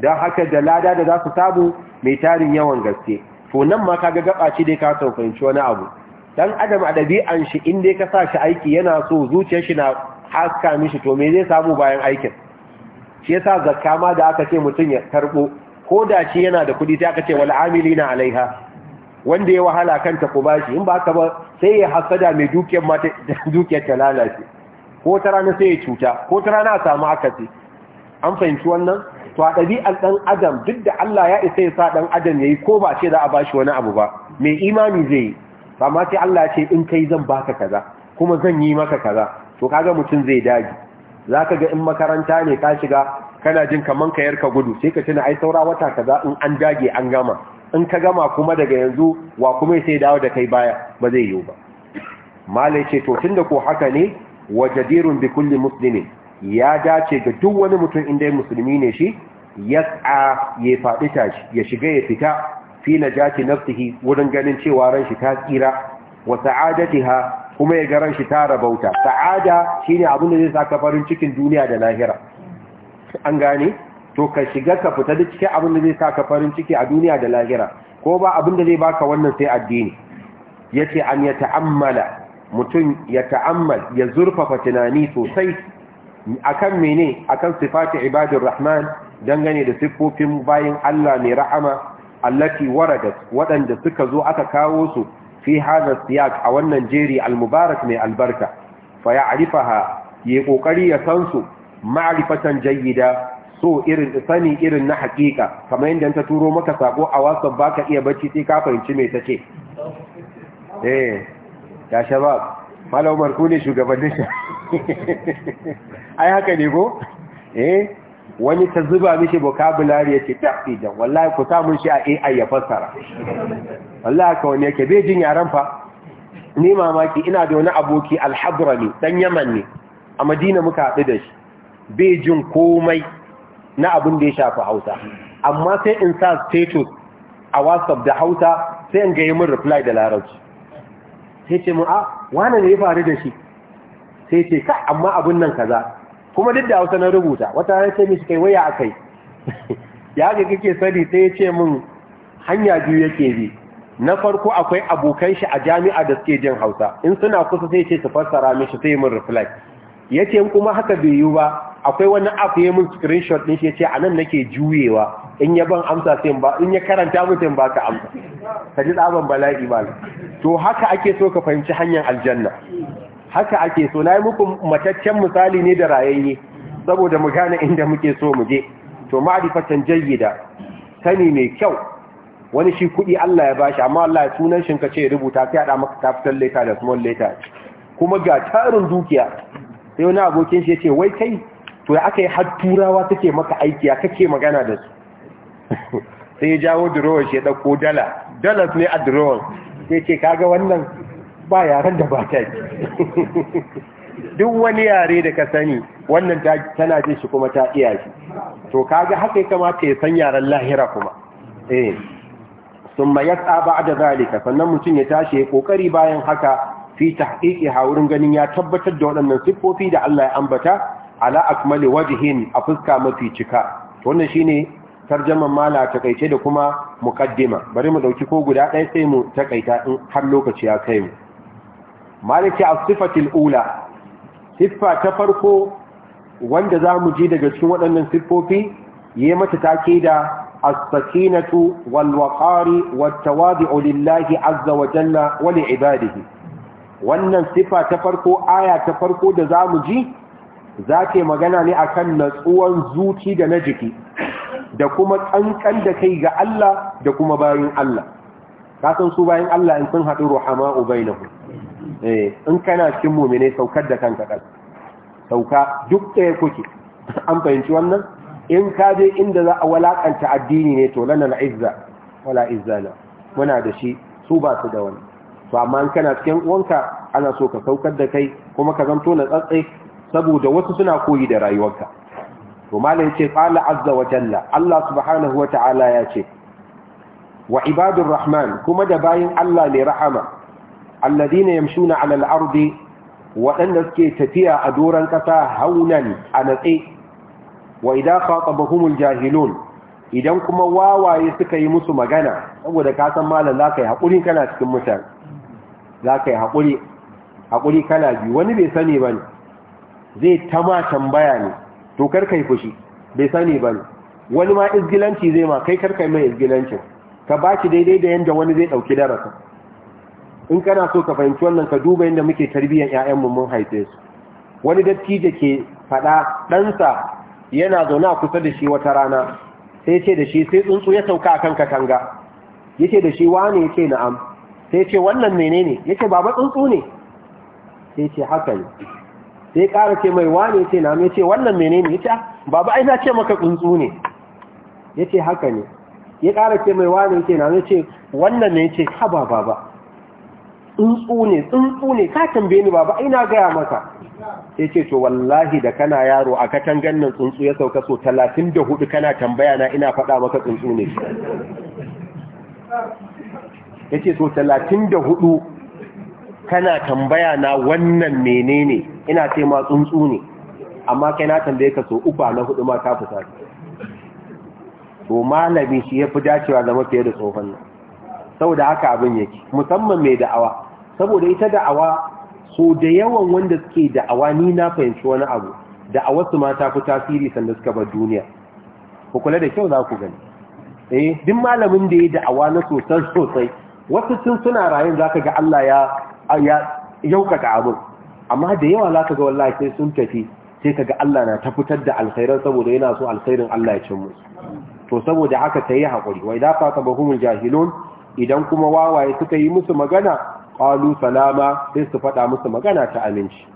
dan haka da lada da za su sabu mai tarin yawan gaske to nan ma kaga gaba ce dai ka fahimci wani abu dan adam a dabi'an shi in dai ka sa shi aiki yana so zuciyar shi na haska mishi to me zai samu bayan aikin shi yasa zakka ma da aka ce mutum ya karbo ko da shi yana da kuɗi sai aka ce wal amilina alaiha wanda ya wahala kanta ku bashi in ba ka ba sai ya hasada mai dukiyar mata dukiyar ta lalace ko ta rana sai ya cuta ko ta rana a samu akasi an fahimci wannan to a ɗabi'ar ɗan adam duk da Allah ya isa ya sa ɗan adam ya yi ko ba ce za a ba shi wani abu ba mai imani zai yi ma sai Allah ya ce in kai zan baka kaza kuma zan yi maka kaza to kaga mutum zai dage zaka ga in makaranta ne ka shiga kana jin kaman kayar ka gudu sai ka tuna ai saura wata kaza in an dage an gama in ka gama kuma daga yanzu wa kuma sai dawo da kai baya ba zai yiwu ba malai ce to tunda ko haka ne wajadirun bi kulli muslimin ya dace ga duk wani mutum inda ya musulmi ne shi ya ya faɗi tashi ya shiga ya fita fi najati nafsihi wurin ganin cewa ran shi ta tsira wa sa'adatiha kuma ya ga ran shi ta rabauta sa'ada shine abin da zai saka farin cikin duniya da lahira an gane to ka shiga ka fita da cikin abin da zai saka farin ciki a duniya da lahira ko ba abin da zai baka wannan sai addini yace an ya ta'ammala mutum ya ta'ammal ya zurfafa tunani sosai akan mene akan sifati ibadur rahman dangane da siffofin bayin Allah mai rahama allati waradat waɗanda suka zo aka kawo su fi hada siyak a wannan jeri al mai albarka fa ya'rifaha ya kokari ya san su ma'rifatan jayyida so irin sani irin na haqiqa kamar yadda ta turo maka sako a wasan baka iya bacci sai ka fahimci me tace eh ya shabab malau ai haka ne ko eh wani ta zuba mishi vocabulary ya ce tafi da wallahi ku samun shi a AI ya fassara wallahi ka wani yake bai jin yaran fa ni mamaki ina da wani aboki alhadrami dan Yaman ne a Madina muka haɗu da shi bai jin komai na abin da ya shafi Hausa amma sai in sa status a WhatsApp da Hausa sai in ga yi min reply da Larabci sai ce mu a ah, wani ne ya faru da shi sai ce ka amma abin nan kaza kuma duk da hausa na rubuta wata ranar ce mishi kai waya akai ya ga kake sani sai ya ce min hanya biyu yake bi na farko akwai abokan shi a jami'a da suke jin hausa in suna kusa sai ce su fassara mishi sai min reflect ya ce kuma haka bai yiwu ba akwai wani app ya min screenshot din shi ya ce a nan nake juyewa in ya ban amsa sai ba in ya karanta mutum ba ka amsa ka ji tsaban bala'i ba to haka ake so ka fahimci hanyar aljanna haka ake so na yi muku mataccen misali ne da rayayye saboda mu gane inda muke so mu je to ma'rifatan jayyida sani mai kyau wani shi kudi Allah ya bashi amma Allah ya sunan shi kace rubuta kai da maka capital letter da small letter kuma ga tarin dukiya sai wani abokin shi yace wai kai to ya akai har turawa take maka aiki ya kake magana da su sai ya jawo drawer shi ya dauko dala dollars ne a drawer sai ce kaga wannan ba yaren da ba ta yi. duk wani yare da ka sani wannan tana jin shi kuma ta iya shi to kaga haka ya kamata ya san yaren lahira kuma eh sun ma yasa da zalika sannan mutum ya tashi ya kokari bayan haka fi tahqiqi ha wurin ganin ya tabbatar da waɗannan siffofi da Allah ya ambata ala akmali wajhin a fuska mafi cika to wannan shine tarjaman mala takaice da kuma muqaddima bari mu dauki ko guda ɗaya sai mu takaita in har lokaci ya kai mu malaki a sifatil ula siffa ta farko wanda za mu ji daga cikin waɗannan siffofi yi mata take da as-sakinatu wal waqari wat tawadi'u lillahi azza wa jalla wa li wannan siffa ta farko aya ta farko da za mu ji za ta magana ne akan natsuwan zuci da na jiki da kuma tsankan da kai ga Allah da kuma bayin Allah kasan su bayin Allah in sun haɗu ruhama'u bainahum Eh, in kana cikin muminai saukar da kanka kan sauka duk ɗaya kuke an fahimci wannan in ka je inda za a walakanta addini ne to lana izza wala izza na, muna da shi su ba su da wani to amma in kana cikin wanka, ana so ka saukar da kai kuma ka zanto na tsatse saboda wasu suna koyi da rayuwarka to malam ce qala azza wa jalla Allah subhanahu wa ta'ala ya ce wa ibadur rahman kuma da bayin Allah ne rahama alladina yamshuna ala al-ardi waɗanda suke tafiya a doron ƙasa haunan a natse wa idan khatabahumul jahilun idan kuma wawaye suka yi musu magana saboda ka san malam zaka yi hakuri kana cikin mutan zaka yi hakuri hakuri kana biyu wani bai sani bane zai tama tambaya ne to kar kai fushi bai sani bane wani ma izgilanci zai ma kai kar kai mai izgilancin ka baki daidai da yanda wani zai dauki darasa in kana so ka fahimci wannan ka duba yadda muke tarbiyyar ƴaƴanmu mun haife su wani dattijo ke faɗa ɗansa yana zaune a kusa da shi wata rana sai ce da shi sai tsuntsu ya sauka akan katanga yace da shi wani yace na'am sai ce wannan menene yace baba tsuntsu ne sai ce haka ne sai ƙara ce mai wani yace na'am yace wannan menene yace ah, baba ai na ce maka tsuntsu ne yace haka ne ya ƙara ce mai wani yace na'am yace wannan ne yace ha baba tsuntsu ne tsuntsu ne ka tambaye ni baba ina gaya maka sai ce to wallahi da kana yaro a katangan nan tsuntsu ya sauka so 34 kana tambaya na ina faɗa maka tsuntsu ne yace to 34 kana tambaya na wannan menene ina ce ma tsuntsu ne amma kai na tambaye ka so uba na hudu ma ka fita to malami shi ya fi dacewa zama fiye da tsohon nan saboda haka abin yake musamman mai da'awa saboda ita da'awa so da yawan wanda suke da'awa ni na fahimci wani abu da'awar su ma ta tasiri sanda suka bar duniya ku kula da kyau za ku gani eh duk malamin da ya da'awa na sosai sosai wasu tun suna rayun zaka ga Allah ya ya yaukaka abin amma da yawa za ka ga wallahi sai sun tafi sai ka ga Allah na ta fitar da alkhairan saboda yana so alkhairin Allah ya cin musu to saboda haka tayi hakuri wa idza bahumul jahilun idan kuma wawaye suka yi musu magana qalu salama sai su faɗa musu magana ta aminci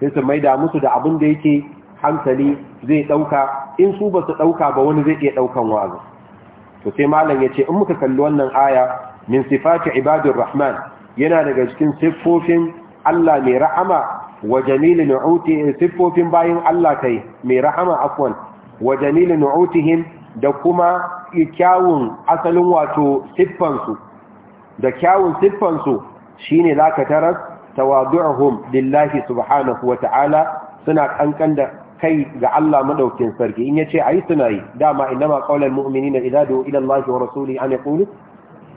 sai su maida musu da abin da yake hankali zai ɗauka in su ba su ɗauka ba wani zai iya ɗaukan wazo to sai malam ya ce in muka kalli wannan aya min sifati ibadir rahman yana daga cikin siffofin Allah mai rahama wa jamilin nu'uti eh, siffofin bayin Allah kai mai rahama afwan wa jamilin nu'utihim da kuma kyawun asalin wato siffansu da kyawun siffansu Shi ne shine zaka taras tawadu'uhum lillahi subhanahu wa ta'ala suna kankan da kai ga Allah maɗaukin sarki in ya yace ayi suna yi dama inma qaulul mu'minina idza du'u ila Allah wa rasulihi an yaqulu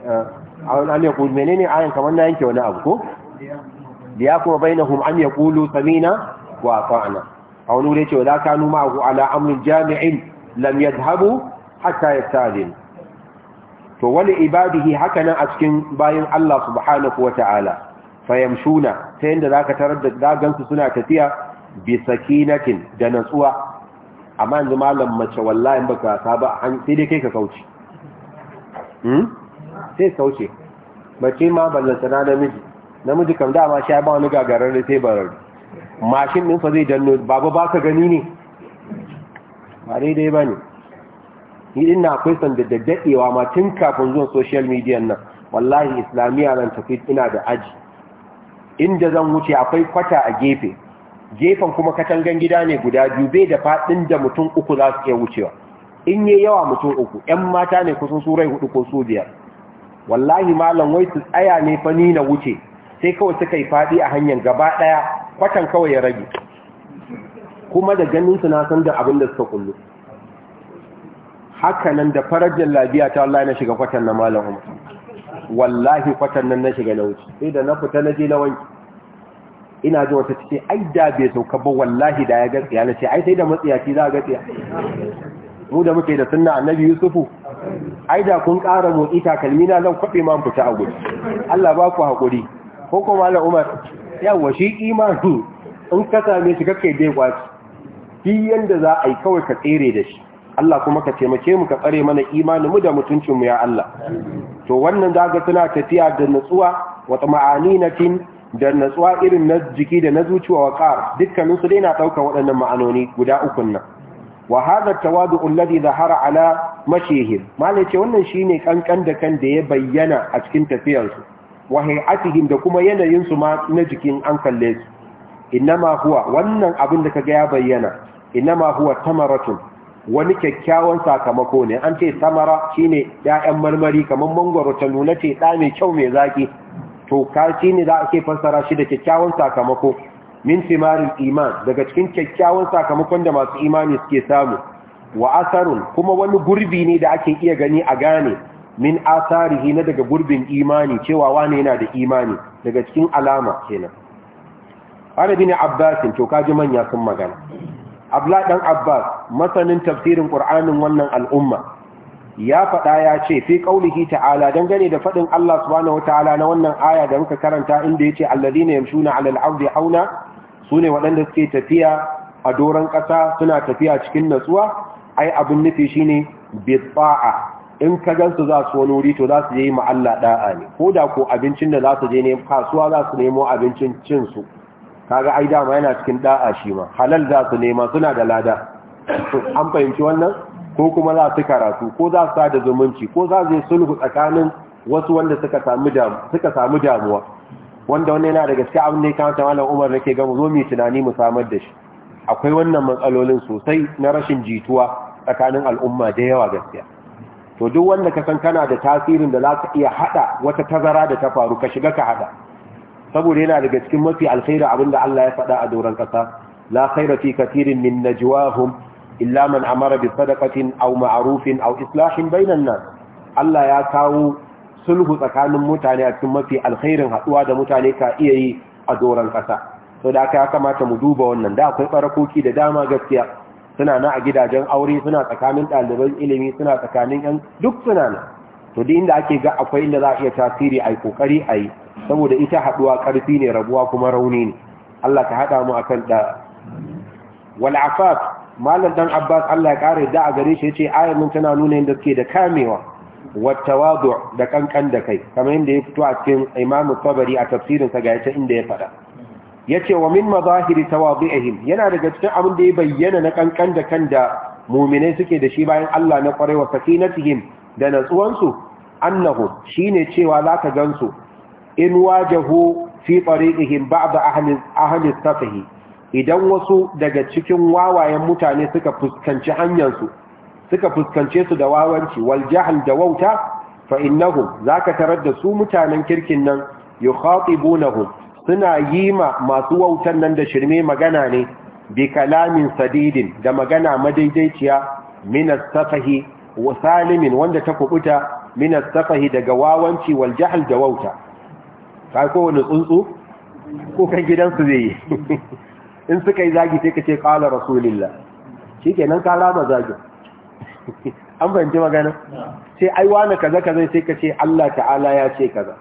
eh, an yaqulu menene ayan kamar na yanke wani abu ko liyakuma bainahum an Kulu samina wa ata'na aw nure ce wala ka ma'ahu ala amrin jami'in lam yadhhabu hatta yastadinu to wani ibadihi haka nan a cikin bayan Allah subhanahu wa ta'ala fayamshuna ta yadda za ka tarar da dagansu suna tafiya bi sakinatin da natsuwa amma yanzu malam mace wallahi ba ka saba an sai dai kai ka kauce hmm? sai kauce mace ma ballanta na namiji namiji kam dama shi ba wani gagarar da sai barar mashin ɗin fa zai danno babu ba ka gani ne ba daidai ba ne ni din na akwai sanda da dadewa ma tun kafin zuwa social media nan wallahi islamiyya nan tafi ina da aji inda zan wuce akwai kwata a gefe gefen kuma katangan gida ne guda biyu bai da faɗin da mutum uku za su iya wucewa in yi yawa mutum uku yan mata ne kusan surai hudu ko su biyar wallahi malam wai su tsaya ne fa ni na wuce sai kawai suka yi faɗi a hanyar gaba ɗaya, kwatan kawai ya rage kuma da ganin su na san da abin da suka kullu haka nan da farajin labiya ta wallahi na shiga kwatan na malam umar wallahi kwatan nan na shiga na wuce sai da na fita na je na wanki ina ji wata cikin ai da bai sauka ba wallahi da ya gatsiya na ce ai sai da matsiyaci za a gatsiya mu da muke da sunna annabi yusufu ai da kun ƙara motsi takalmi na zan kwaɓe man fita a gudu Allah ba ku haƙuri ko kuma malam umar yawa shi imani in ka same shi kake dai kwaci fi yanda za a yi kawai ka tsere da shi Allah kuma ka taimake mu ka tsare mana imanin mu da mutuncinmu ya Allah to wannan daga suna tafiya da natsuwa wa tama'aninatin da natsuwa irin na jiki da na zuciya wa qar dukkanin su dai na dauka waɗannan ma'anoni guda uku nan wa hada tawadu alladhi zahara ala malai ce wannan shine kankan da kan da ya bayyana a cikin tafiyar su wa hay'atihim da kuma yanayin su ma na jikin an kalle su ma huwa wannan abin da kaga ya bayyana inna ma huwa tamaratun wani kyakkyawan sakamako ne an ce samara shine ƴaƴan marmari kamar mangwaro ta nuna ce ɗa mai kyau mai zaƙi. to ka ne za a ke fassara shi da kyakkyawan sakamako min simarin iman daga cikin kyakkyawan sakamakon da masu imani suke samu wa asarun kuma wani gurbi ne da ake iya gani a gane min asarihi na daga gurbin imani cewa wane yana da imani daga cikin alama kenan Ana ne Abbasin to kaji manya sun magana abla dan abbas masanin tafsirin qur'anin wannan al'umma ya faɗa ya ce fi ƙaunihi ta'ala dangane da faɗin Allah subhanahu wata'ala na wannan aya da muka karanta inda ya ce allazi ne yamshuna alal auna hauna su waɗanda suke tafiya a doron ƙasa suna tafiya cikin natsuwa ai abin nufi shine bid'a in ka gansu za wani wuri to za su je ma Allah da'a ne ko da ko abincin da za je kasuwa za nemo abincin cin kaga ai dama yana cikin da'a shi ma halal za su nema suna da lada an fahimci wannan ko kuma za su karatu ko za su da zumunci ko za su sulhu tsakanin wasu wanda suka samu damuwa wanda wani yana daga cikin abin da ya kamata malam Umar nake ga mu zo mu tunani mu samar da shi akwai wannan matsalolin sosai na rashin jituwa tsakanin al'umma da yawa gaskiya to duk wanda ka san kana da tasirin da za ka iya hada wata tazara da ta faru ka shiga ka hada saboda yana daga cikin mafi alkhairu abinda Allah ya faɗa a doron ƙasa la khaira fi katirin min najwahum illa man amara bi sadaqatin aw ma'rufin aw islahin bainan nas Allah ya kawo sulhu tsakanin mutane a cikin mafi alkhairin haɗuwa da mutane ka iya yi a doron ƙasa so da aka ya kamata mu duba wannan da akwai barakoki da dama gaskiya suna na a gidajen aure suna tsakanin ɗaliban ilimi suna tsakanin ƴan duk suna na to duk inda ake ga akwai inda za a iya tasiri a kokari a saboda ita haduwa karfi ne rabuwa kuma rauni ne Allah ka hada mu akan da wal afaf malam dan abbas Allah ya kare da a gare shi yace ayar mun tana nuna inda suke da kamewa wa tawadu da kankan da kai kamar inda ya fito a cikin imam tabari a tafsirin sa ga yace inda ya fada yace wa min mazahiri tawadihim yana daga cikin abin da ya bayyana na kankan da kan da mu'minai suke da shi bayan Allah na kwarewa sakinatihim da natsuwansu annahu shine cewa zaka gansu in wajahu fi tariqihim ba'd ahli ahli safahi, idan wasu daga cikin wawayen mutane suka fuskanci hanyarsu suka fuskance su da wawanci wal jahl da wauta fa innahu zaka tarar da su mutanen kirkin nan nahu. suna yima masu wautan nan da shirme magana ne bi kalamin sadidin da magana madaidaiciya min as-safahi wa salimin wanda ta kubuta min as-safahi daga wawanci wal jahl da wauta kai ko wani tsuntsu ko kan gidansu zai yi in suka yi zagi sai ka ce qala rasulullah shikenan ka rama zagi an fahimci magana sai ai wani kaza kaza sai ka ce Allah ta'ala ya ce kaza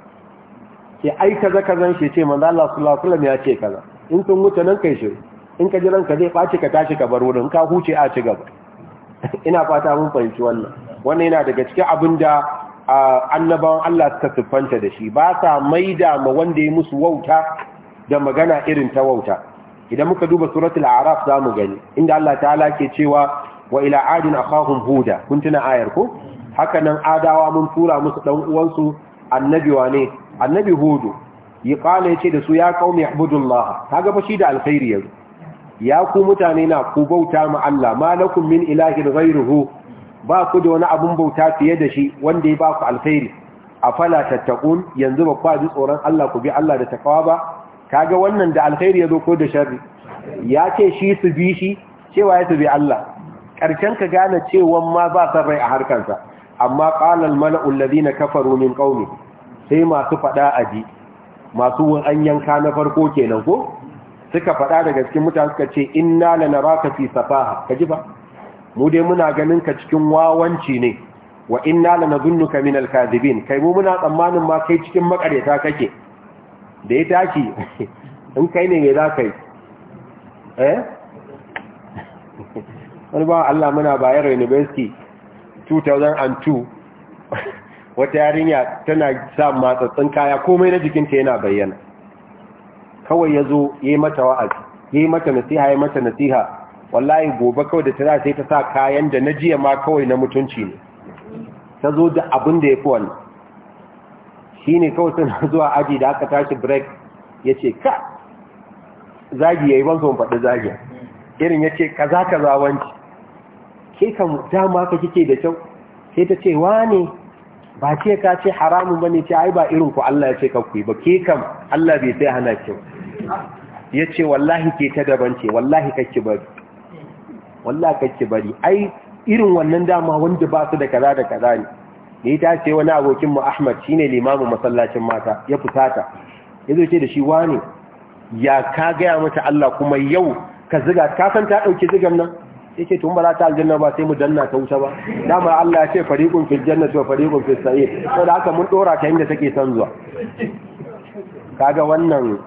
sai ai kaza kaza sai ce manzo Allah sallallahu alaihi wasallam ya ce kaza in sun wuta nan kai shi in ka ji ka zai ɓaci ka tashi ka bar wurin ka huce a ci gaba ina fata mun fahimci wannan wannan yana daga cikin abin da annabawan Allah suka siffanta da shi ba sa maida ma wanda ya musu wauta da magana irin ta wauta idan muka duba suratul a'raf mu gani inda Allah ta'ala ke cewa wa ila adin akhahum huda kun tuna ayar ko haka nan adawa mun tura musu dan uwansu annabi wane annabi hudu ya kala yace da su ya kaumi ibudullah kaga fa shi da alkhairi yanzu ya ku mutane na ku bauta ma Allah malakum min ilahin ghayruhu ba ku da wani abun bauta fiye da shi wanda ya ba ku alkhairi afala tattaqun yanzu ba ku ji tsoron Allah ku bi Allah da takawa ba kaga wannan da alkhairi yazo ko da sharri ya ce shi su bi shi cewa ya su bi Allah karshen ka gane cewa ma ba san rai a harkansa amma qala al mala'u alladhina kafaru min qaumi sai masu fada aji masu an yanka na farko kenan ko suka faɗa daga cikin mutane suka ce inna lanaraka fi safaha kaji ba mu dai muna ganin ka cikin wawanci ne wa inna lanadhunnuka min alkadhibin kai mu muna tsammanin ma kai cikin makareta kake da ya tashi in kai ne me za kai eh wani ba Allah muna bayar university 2002 wata yarinya tana sa matsatsin kaya komai na jikinta yana bayyana kawai ya zo ya yi mata wa'azi ya yi mata nasiha ya mata nasiha wallahi gobe kawai da ta za sai ta sa kayan da na jiya ma kawai na mutunci ne ta zo da abin da ya fi wannan shi ne kawai sun zuwa aji da aka tashi break ya ce ka zagi ya yi ban son faɗi zagi irin ya ce ka za ka zawanci ke kan dama ka kike da kyau sai ta ce wa ne ba ce ka ce haramun bane ce ai ba irinku ku Allah ya ce ka ba ke kam Allah bai sai hana ki ya ce wallahi ke ta daban ce wallahi kake bari wallahi kake bari ai irin wannan dama wanda ba su da kaza da kaza ne ne ta ce wani abokin mu Ahmad ne limamin masallacin mata ya fusata yazo ce da shi wani ya ka gaya mata Allah kuma yau ka ziga ka san ta ɗauki zigan nan yake tun ba za ta aljanna ba sai mu danna ta wuta ba dama Allah ya ce fariqun fil jannati wa fariqun fis sa'ir saboda haka mun dora ta inda take son zuwa kaga wannan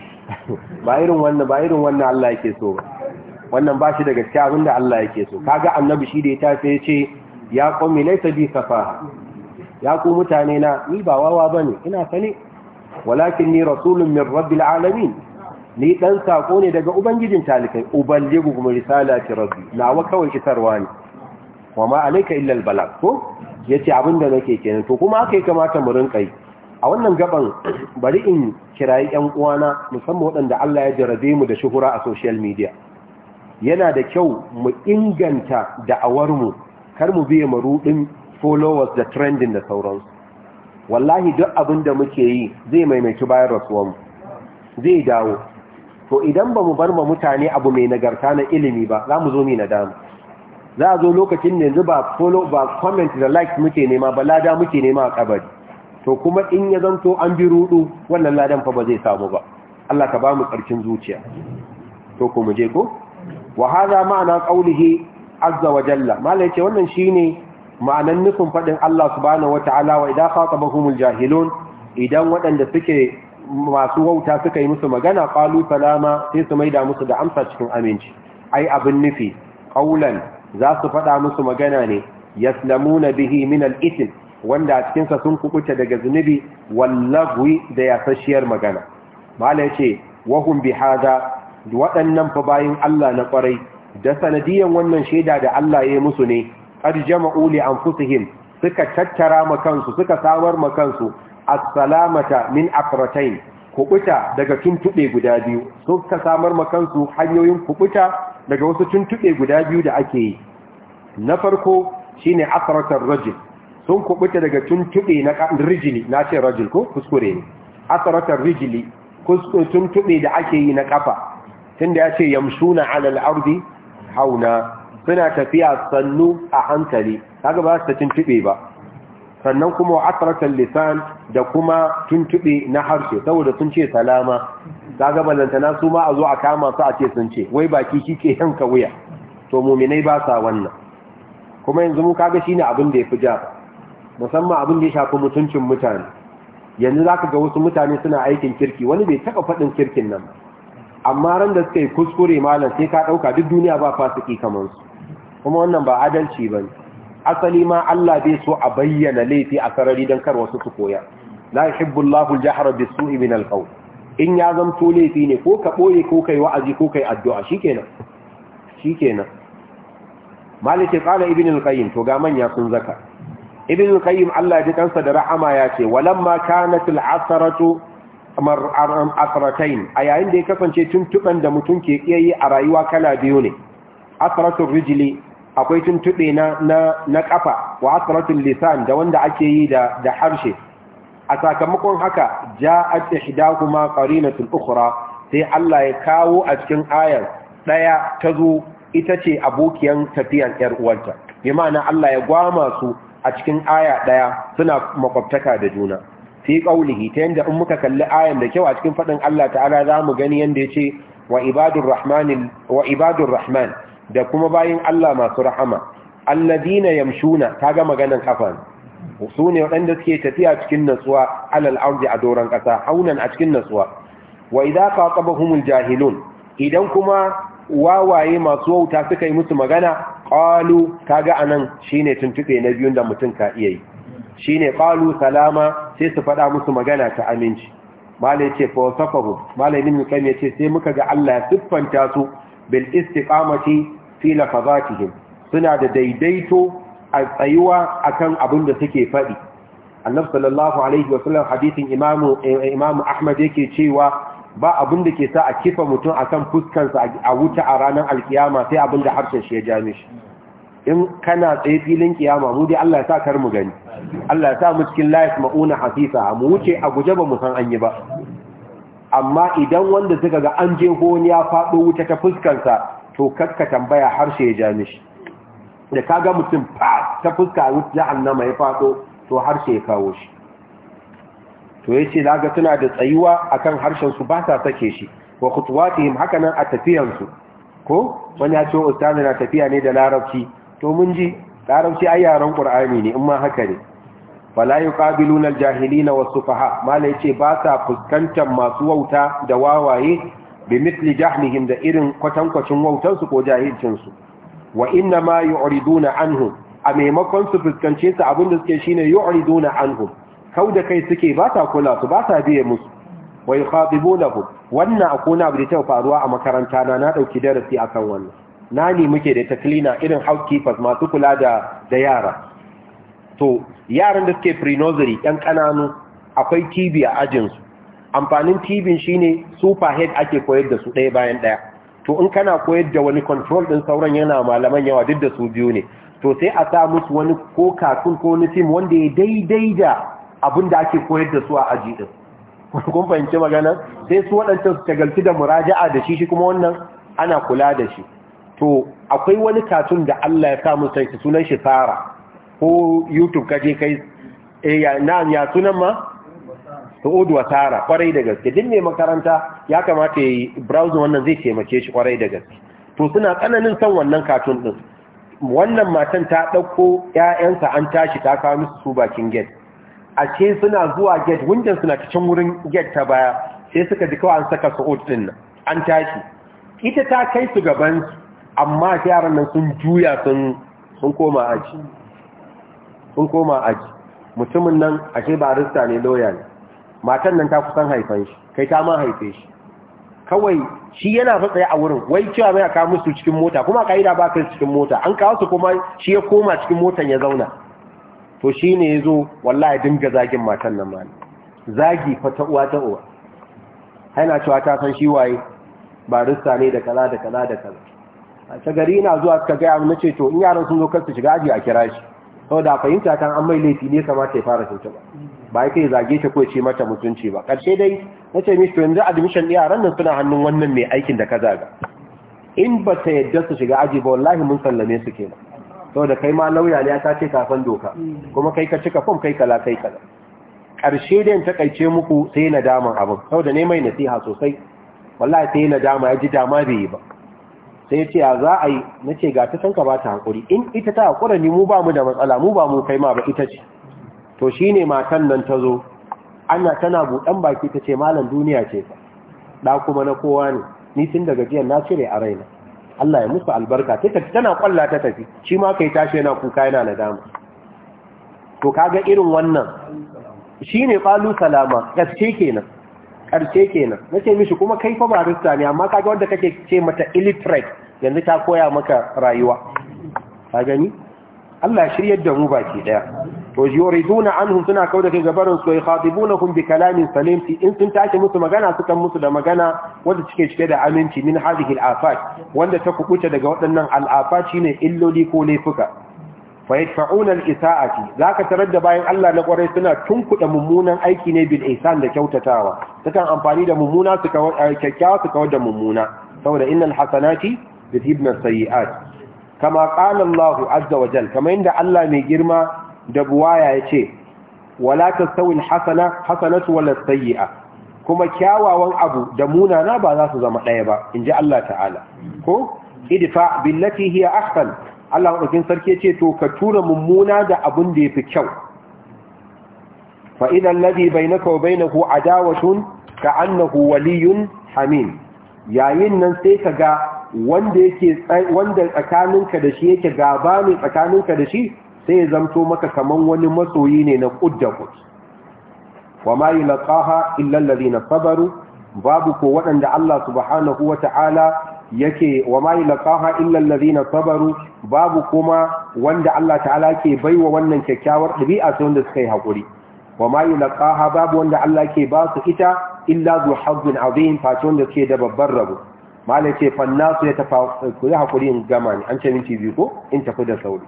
ba irin wannan ba irin wannan Allah yake so ba wannan ba shi daga cikin abinda Allah yake so kaga annabi shi da ya tafi ya ce ya qumi laysa bi safa ya ku mutane na ni ba wawa bane ina sani walakin ni rasulun min rabbil alamin ni dan sako ne daga ubangijin talikai uballigu kuma risalati rabbi nawa kawai kitarwa ne wa ma alayka illa albalag ko yace abinda nake kenan to kuma akai kamata mu rinka yi a wannan gaban bari in kirayi yan uwana musamman waɗanda Allah ya jarabe mu da shuhura a social media yana da kyau mu inganta da'awar mu kar mu biye marudin followers da trending da sauransu wallahi duk abinda muke yi zai maimaitu bayan mu. zai dawo to idan ba mu bar ma mutane abu mai nagarta na ilimi ba za mu zo mai nadama za a zo lokacin da yanzu ba follow ba comment da like muke nema ba lada muke nema a kabari to kuma in ya zanto an bi rudu wannan ladan fa ba zai samu ba Allah ka ba mu karkin zuciya to ko mu je ko wa hadha ma'ana qawlihi azza wa jalla mala yace wannan shine ma'anan nufin fadin Allah subhanahu ta'ala wa idha khatabahumul jahilun idan waɗanda suke masu wauta suka yi musu magana qalu salama sai su maida musu da amsa cikin aminci ai abin nufi ƙaulan za su faɗa musu magana ne na bihi min itin, wanda a cikin sa sun kubuta daga zunubi wallagwi da yasashiyar magana mala yace bi haza! waɗannan fa bayin Allah na kwarai da sanadiyan wannan shaida da Allah ya yi musu ne qad jama'u li suka tattara ma kansu suka samar ma kansu as-salamata min afratain kubuta daga tuntube guda biyu ka samar makansu hanyoyin kubuta daga wasu tuntube guda biyu da ake yi na farko shine afratar rajul sun kubuta daga tuntube na rijili na ce rajul ko kuskure ne afratar rijili tuntube da ake yi na kafa tunda ya ce yamshuna alal ardi hauna suna tafiya sannu a hankali kaga ba su tuntube ba sannan kuma wa lisan da kuma tuntube na harshe saboda sun ce salama kaga na su ma a zo a kama su a ce sun ce wai baki kike yanka wuya to muminai ba sa wannan kuma yanzu mu kaga shine abin da yafi ja musamman abin da ya shafi mutuncin mutane yanzu zaka ga wasu mutane suna aikin kirki wani bai taba faɗin kirkin nan amma ran da suka yi kuskure malam sai ka ɗauka duk duniya ba fasiki kamar su kuma wannan ba adalci ba ne. asali ma Allah bai so a bayyana laifi a sarari don kar wasu su koya la yuhibbu Allahu al-jahra bis-su'i min al-qawl in ya zamto laifi ne ko ka boye ko kai wa'azi ko kai addu'a shikenan shikenan malike qala ibn al-qayyim to ga manya sun zaka ibn al-qayyim Allah ya ji kansa da rahama ya ce walamma kanat al-asratu mar'aram asratain a yayin da ya kasance tuntuban da mutum ke iya yi a rayuwa kala biyu ne asratul rijli akwai tuntuɓe na na ƙafa wa lisan da wanda ake yi da da harshe a sakamakon haka ja'at ihdahuma qarinatul ukhra sai Allah ya kawo a cikin ayar ta zo ita ce abokiyan tafiyar yar uwarta bi Allah ya gwama su a cikin aya ɗaya suna makwabtaka da juna Sai qaulihi ta yadda in muka kalli ayan da kyau a cikin faɗin Allah ta'ala zamu gani yadda ya ce wa ibadur rahman da kuma bayin Allah masu rahama alladina yamshuna kaga maganan Kafan. su ne waɗanda suke tafiya cikin natsuwa alal ardi a doron ƙasa haunan a cikin natsuwa wa idza qaqabahumul jahilun idan kuma wawaye masu wauta suka yi musu magana qalu kaga anan shine tuntube na biyun da mutum ka iya yi shine qalu salama sai su faɗa musu magana ta aminci malai ce fa wasafahu malai ibn qayyim yace sai muka ga Allah ya siffanta su bil istiqamati fi lafazatihim suna da daidaito a tsayuwa akan abin da suke faɗi annab sallallahu alaihi wasallam hadisin imamu eh, imamu ahmad yake cewa ba abin da ke sa a kifa mutum akan fuskansa a wuta a ranar alkiyama sai abin da harshen shi ya ja shi. in kana tsaye filin kiyama mu dai Allah ya sa kar mu gani Allah ya sa mu cikin life mauna hasisa mu wuce a guje ba mu san an yi ba amma idan wanda suka ga an je goni ya faɗo wuta ta fuskansa to kakka tambaya harshe ya ja shi? da kaga mutum fa ta fuska a wuce jahannama ya fado to harshe ya kawo shi to yace zaga suna da tsayuwa akan harshen su ba ta sake shi wa khutuwatihim hakanan a tafiyan su ko wani ya ce ustazi na tafiya ne da larabci to mun ji larabci a yaren qur'ani ne in ma haka ne fala yuqabiluna aljahilina wasufaha mala yace ba sa fuskantar masu wauta da wawaye bi mithli jahnihim da irin kwatankwacin wautansu ko jahilcinsu wa inna ma yu'riduna anhu a maimakon su fuskance su abin da suke shine yu'riduna anhu kau da kai suke ba ta kula su ba ta biye musu wa yukhadibunahu wannan akona abu da ta faruwa a makaranta na na ɗauki darasi akan wannan nani muke da taklina irin housekeepers masu kula da da yara to yaran da suke pre nursery yan kananu akwai kibiya ajinsu amfanin tibin shine superhead ake koyar da su ɗaya bayan ɗaya to in kana koyar da wani control ɗin sauran yana malaman yawa duk da su biyu ne to sai a sa musu wani ko katun ko wani fim wanda ya daidai da abin da ake koyar da su a aji ɗin kun fahimci magana sai su waɗancan su tagalci da muraja'a da shi shi kuma wannan ana kula da shi to akwai wani katun da Allah ya sa musu sai sunan shi Sara ko YouTube kaje kai eh ya na ya sunan ma su'udu wa tara kwarai da gaske duk mai makaranta ya kamata ya yi browser wannan zai taimake shi kwarai da gaske to suna tsananin son wannan katun din wannan matan ta ɗauko ‘ya'yansa an tashi ta kawo musu su bakin gate a ce suna zuwa gate wundan suna can wurin gate ta baya sai suka ji kawai an saka su'ud din nan an tashi ita ta kai su gaban amma yaran nan sun juya sun koma aji sun koma aji mutumin nan ashe barista ne lauya ne matan nan ta kusan haifan shi kai ta ma haife shi kawai shi yana fatsaye a wurin wai cewa mai aka musu cikin mota kuma ka da ba kai cikin mota an kawo su kuma shi ya koma cikin motan ya zauna to shi ne ya zo wallahi dinga zagin matan nan mani zagi ta uwa ta uwa haina cewa ta san shi waye ba rista ne da kala da kala da kala. a ta gari ina zuwa ka gaya mu ce to in yaran sun zo kar su shiga aji a kira shi saboda fahimta kan an mai laifi ne kamata ya fara cuta ba ba yake zage ta ko mata mutunci ba karshe dai nace mishi to yanzu admission yaran nan suna hannun wannan mai aikin da ka zaga in ba ta yadda su shiga aji ba wallahi mun sallame su ke saboda kai ma lauya ne ta ce kafan doka kuma kai ka cika fom kai kala kai kala karshe dai in takaice muku sai na dama abin saboda ne mai nasiha sosai wallahi sai na dama ya ji dama bai yi ba sai ce a za a yi na ce ga ta ka ba ta haƙuri in ita ta haƙura ni mu ba mu da matsala mu ba mu kai ma ba ita ce to shi ne matan nan ta zo ana tana buɗan baki ta ce malam duniya ce ta. ɗa kuma na kowa ne ni tun daga jiyan na cire a raina Allah ya musu albarka ta tafi tana kwalla ta tafi shi ma kai tashi yana kuka yana dama to kaga irin wannan Shi ne ƙalu salama gaske kenan karshe kenan ce mishi kuma kai fa barista ne amma kaga wanda kake ce mata illiterate yanzu ta koya maka rayuwa ka gani Allah shiryar da mu baki daya to yuriduna anhum suna kauda kai gabarin su yakhatibunahum bi kalamin salim in sun tashi musu magana sukan musu da magana wanda cike cike da aminci min hadhihi al-afat wanda ta kubuta daga waɗannan al-afat shine illoli ko laifuka fa yadfa'una al-isa'ati zaka tarar da bayan Allah na kwarai suna tunkuɗa mummunan aiki ne bil ihsan da kyautatawa takan amfani da mummuna su kawai eh, su kawai da mummuna saboda innal hasanati yudhibna as-sayyi'at kama qala Allah azza wa jalla kamar inda Allah mai girma da buwaya ce, wala tastawi al-hasana hasanatu wala sayyia kuma kyawawan abu da munana ba za su zama ɗaya ba inji Allah ta'ala ko idfa billati hiya ahsan Allah madaukin sarki ce to ka tura mummuna da abin da yafi kyau bai na ladhi bainaka wa bainahu adawatun ka annahu waliyyun hamim yayin nan sai ka ga wanda tsakaninka da shi yake gaba ne tsakaninka da shi sai ya zamto maka kaman wani masoyi ne na kudda kud wa ma yulqaha illa na sabaru babu ko waɗanda Allah subhanahu wata'ala yake wa ma yulqaha illa alladhina sabaru babu kuma wanda Allah ta'ala ke baiwa wannan kyakkyawar dabi'a sai wanda suka yi hakuri wa ma yulqaha babu wanda Allah ke ba su ita illa zu hazzin azim fa wanda suke da babbar rabo malai ce fannasu ya tafa ku yi hakuri in gama ne an ce minti biyu ko in tafi da sauri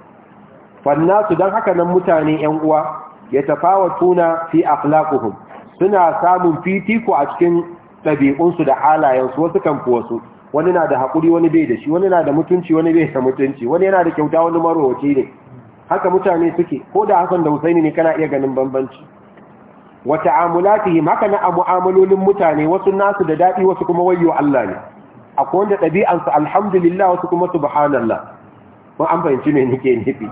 fannasu dan haka nan mutane yan uwa ya tafawatuna fi akhlaquhum suna samun fitiko a cikin ɗabi'unsu da halayensu wasu kan fi wasu wani na da haƙuri wani bai da shi wani na da mutunci wani bai da mutunci wani yana da kyauta wani marowaci ne haka mutane suke ko da hasan da husaini ne kana iya ganin bambanci wa ta'amulatihim haka na mu'amalolin mutane wasu nasu da daɗi wasu kuma wayyo Allah ne akwai wanda ɗabi'ansu alhamdulillah wasu kuma subhanallah mun an fahimci me nake nufi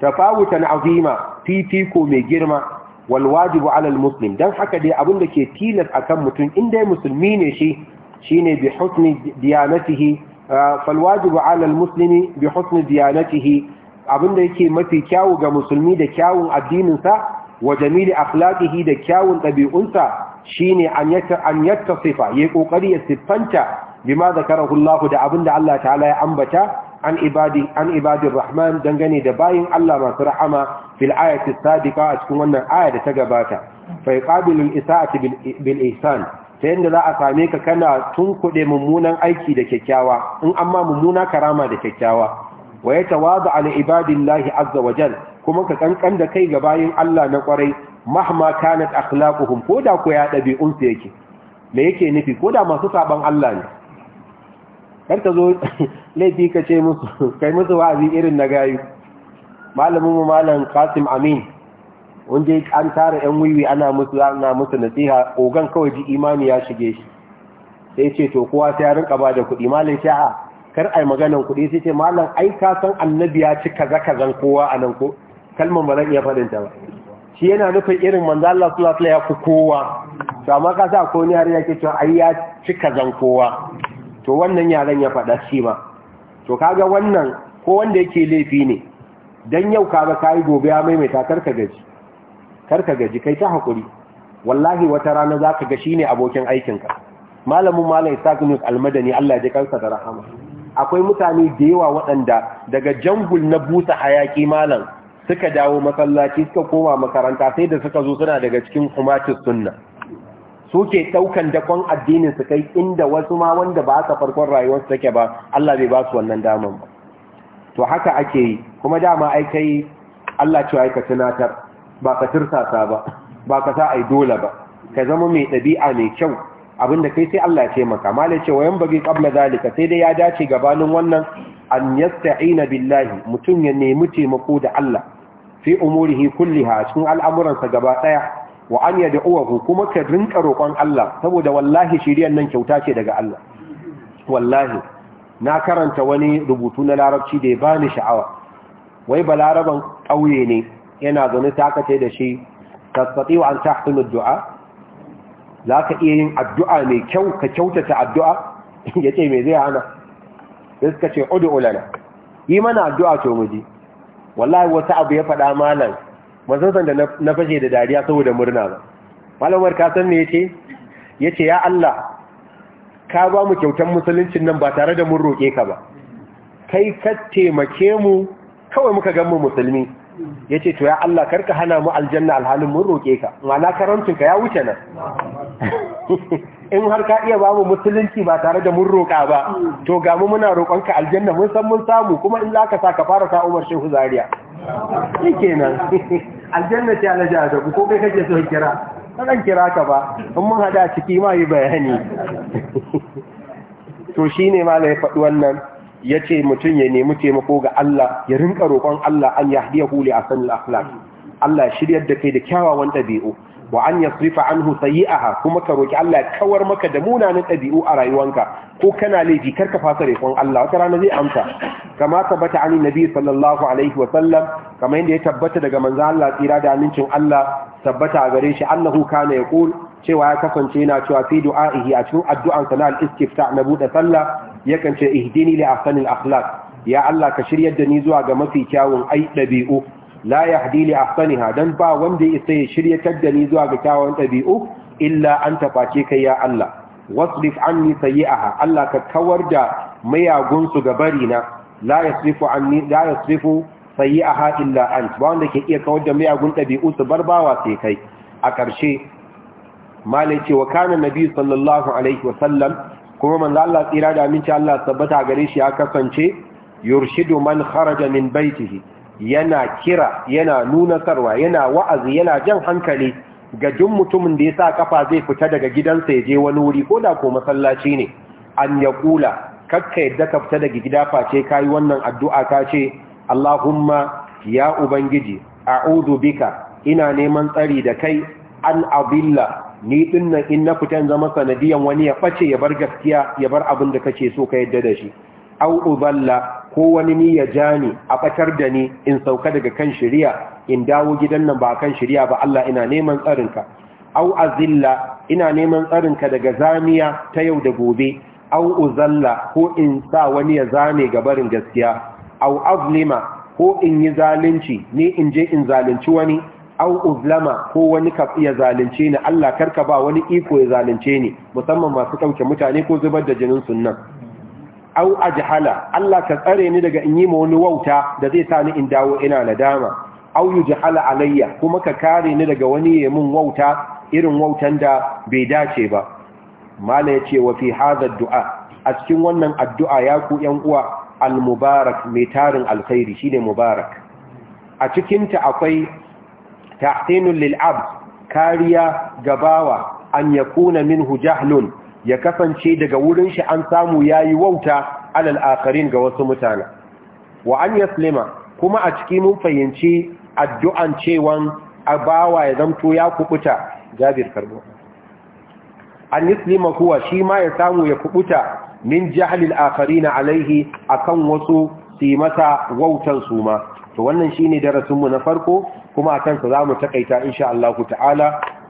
tafawutan azima ko mai girma wal wajibu al muslim dan haka dai abin da ke tilas akan mutum in dai musulmi ne shi shine bi husni diyanatihi fal wajibu ala al bi husni abinda yake mafi kyawu ga musulmi da kyawun addininsa wa jamili akhlaqihi da kyawun ɗabi'unsa shine an yata an yattasifa yayi kokari ya siffanta bima zakarahu Allah da abinda Allah ta'ala ya ambata an ibadi an ibadir rahman dangane da bayin Allah masu rahama fil ayati sadiqa a cikin wannan aya da ta gabata fa yaqabilu al-isa'ati bil ihsan ta yadda za a same ka kana tun kuɗe mummunan aiki da kyakkyawa in amma mummuna karama da kyakkyawa wa ya tawazu ala ibadillahi azza wa jal kuma ka kankan da kai ga bayin Allah na kwarai mahma kanat akhlaquhum ko da ko ya dabi'un su yake me yake nufi ko da masu saban Allah ne kar ka zo laifi ka ce musu kai musu wa'azi irin na gayu malamin mu malam Qasim Amin wanda ya an tara yan wiwi ana musu ana musu nasiha ogan kawai ji imani ya shige shi sai ce to kowa sai ya rinka ba da kuɗi malam sai a kar ai maganan kuɗi sai ce malam ai ka san annabi ya ci kaza kaza kowa a nan ko kalmar ba zan iya faɗin ta ba shi yana nufin irin manzo Allah sallallahu alaihi ya fi kowa to amma ka sa ko ni har yake to ai ya ci kaza kowa to wannan yaran ya faɗa shi ma to kaga wannan ko wanda yake laifi ne dan yau ka ga kai gobe ya maimaita karka gaji karka gaji kai ta hakuri wallahi wata rana zaka ga shine abokin aikin ka malamin malam Isaac Almadani Allah ya ji kansa da rahama akwai mutane da yawa waɗanda daga jangul na busa hayaki malam suka dawo masallaci suka koma makaranta sai da suka zo suna daga cikin kumati sunna suke ɗaukan dakon addinin su kai inda wasu ma wanda ba aka farkon rayuwar rayuwarsu take ba Allah bai ba su wannan daman ba to haka ake yi kuma dama ai kai Allah ya ci ka tunatar ba ka tirsasa ba ba ka sa ai dole ba ka zama mai ɗabi'a mai kyau abinda kai sai Allah ya taimaka malai cewa yan bagi qabla zalika sai dai ya dace gabanin wannan an yasta'ina billahi mutum ya nemi taimako da Allah fi umurihi kulliha cikin al'amuransa gaba daya wa an yad'uhu kuma ka rinka roƙon Allah saboda wallahi shiriyar nan kyauta ce daga Allah wallahi na karanta wani rubutu na larabci da ya bani sha'awa wai balaraban ƙauye ne yana zaune ta kace da shi tasfati wa an tahsinu du'a za ka iya yin addu'a mai kyau ka kyautata addu'a ya ce mai zai hana sai suka ce udu ulana yi mana addu'a to muji wallahi wata abu ya faɗa malam masansan da na fashe da dariya saboda murna ba malamar ka san me yace yace ya Allah ka ba mu kyautan musuluncin nan ba tare da mun roke ka ba kai ka taimake mu kawai muka gan musulmi ya ce to ya Allah karka hana mu aljanna alhalin mun roƙe ka mana ka ya wuce nan in har ka iya ba mu musulunci ba tare da mun roƙa ba to ga mu muna roƙonka aljanna mun san mun samu kuma in zaka sa ka fara sa umar shehu zaria shi kenan aljanna ta alaja da ku ko kai kake so kira kan kira ka ba in mun hada ciki ma yi bayani to shine ma ya faɗi wannan ya ce mutum ya nemi taimako ga Allah ya rinka roƙon Allah an ya hadiya huli a sanin akhlaq Allah shiryar da kai da kyawawan ɗabi'u wa an yasrifa anhu sayi'aha kuma ka roki Allah ya kawar maka da munanan ɗabi'u a rayuwanka ko kana laifi kar ka fasa roƙon Allah wata rana zai amsa kama tabbata an nabi sallallahu alaihi wa sallam kamar yadda ya tabbata daga manzo Allah tsira da amincin Allah tabbata a gare shi annahu kana yaqul cewa ya kasance yana cewa fi du'a'ihi a cikin addu'ansa na al-istifta na buɗe sallah yakan ce ihdini li ahsanil akhlaq ya Allah ka shiryar da ni zuwa ga mafi kyawun ai dabi'u la yahdi li ahsaniha dan ba wanda yake ya shiryatar da ni zuwa ga kyawun dabi'u illa anta face kai ya Allah wasrif anni sayi'aha Allah ka kawar da mayagun su ga bari na la yasrifu anni la yasrifu sayi'aha illa ant ba wanda ke iya kawar da mayagun dabi'u su barbawa sai kai a ƙarshe malai ce wa kana nabi sallallahu alaihi wa sallam kuma manzo Allah tsira da aminci Allah tabbata gare shi ya kasance yurshidu man kharaja min baitihi yana kira yana nuna sarwa yana wa'azi yana jan hankali ga duk mutumin da ya sa kafa zai fita daga gidansa ya je wani wuri ko da ko masallaci ne an ya kula kakka yadda ka fita daga gida face kai wannan addu'a ka ce Allahumma ya ubangiji a'udhu bika ina neman tsari da kai an abilla ni dinnan in na fitan zama sanadiyan wani ya face ya bar gaskiya ya bar abin da kake so ka yadda da shi au uballa ko wani ni ya ja a batar da ni in sauka daga kan shari'a in dawo gidan nan ba kan shari'a ba Allah ina neman tsarinka au azilla ina neman tsarin ka daga zamiya ta yau da gobe au uzalla ko in sa wani ya zame ga barin gaskiya au azlima ko in yi zalunci ni in je in zalunci wani au uzlama ko wani ka iya zalunce ni Allah karka ba wani iko ya zalunce ni musamman masu ɗauke mutane ko zubar da jinin sunna au ajhala Allah ka tsare ni daga in yi ma wani wauta da zai sa ni in dawo ina nadama au yujhala alayya kuma ka kare ni daga wani ya mun wauta irin wautan da bai dace ba mala yace wa fi hadha du'a a cikin wannan addu'a ya ku yan uwa al-mubarak mai tarin alkhairi shine mubarak a cikin ta akwai tatinun lil'ab kariya gabawa an yakuna minhu jahlun ya kasance daga wurin shi an samu yayi wauta alal akharin ga wasu mutane wa an yaslima kuma a cikin mun fahimci addu'an cewan abawa ya zamto ya kubuta jabir karbo an kuwa shi ma ya samu ya kubuta min jahlil na alaihi a kan wasu su masa wautan su ma to wannan shine darasinmu na farko kuma a kansa za mu takaita insha Allah ta'ala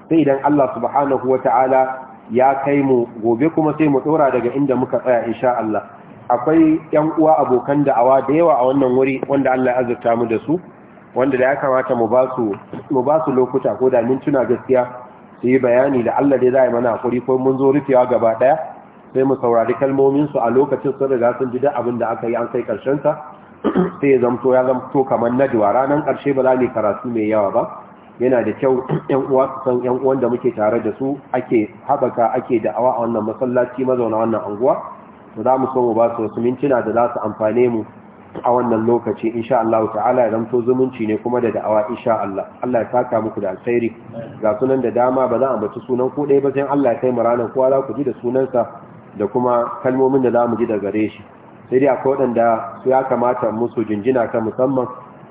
sai idan Allah subhanahu wa ta'ala ya kai mu gobe kuma sai mu dora daga inda muka tsaya insha Allah akwai yan uwa abokan da'awa da yawa a wannan wuri wanda Allah ya azurta mu da su wanda da ya kamata mu ba su mu ba su lokuta ko da mintuna gaskiya su yi bayani da Allah dai zai mana hakuri ko mun zo rufewa gaba daya sai mu saurari kalmomin su a lokacin sun riga sun ji da abin da aka yi an kai karshen sa sai ya zamto ya zamto kamar najwa ranar ƙarshe ba za mu karatu mai yawa ba yana da kyau yan uwa su san yan uwan da muke tare da su ake haɓaka ake da'awa a wannan masallaci mazauna wannan anguwa to za mu so mu ba su wasu mintuna da za su amfane mu a wannan lokaci insha Allah ta'ala ya zamto zumunci ne kuma da da'awa insha Allah Allah ya saka muku da alkhairi ga sunan da dama ba za a bace sunan ku ɗaya ba sai Allah ya kai mu ranar kowa za ku ji da sunansa da kuma kalmomin da za mu ji da gare shi sai dai akwai waɗanda su ya kamata musu jinjina ta musamman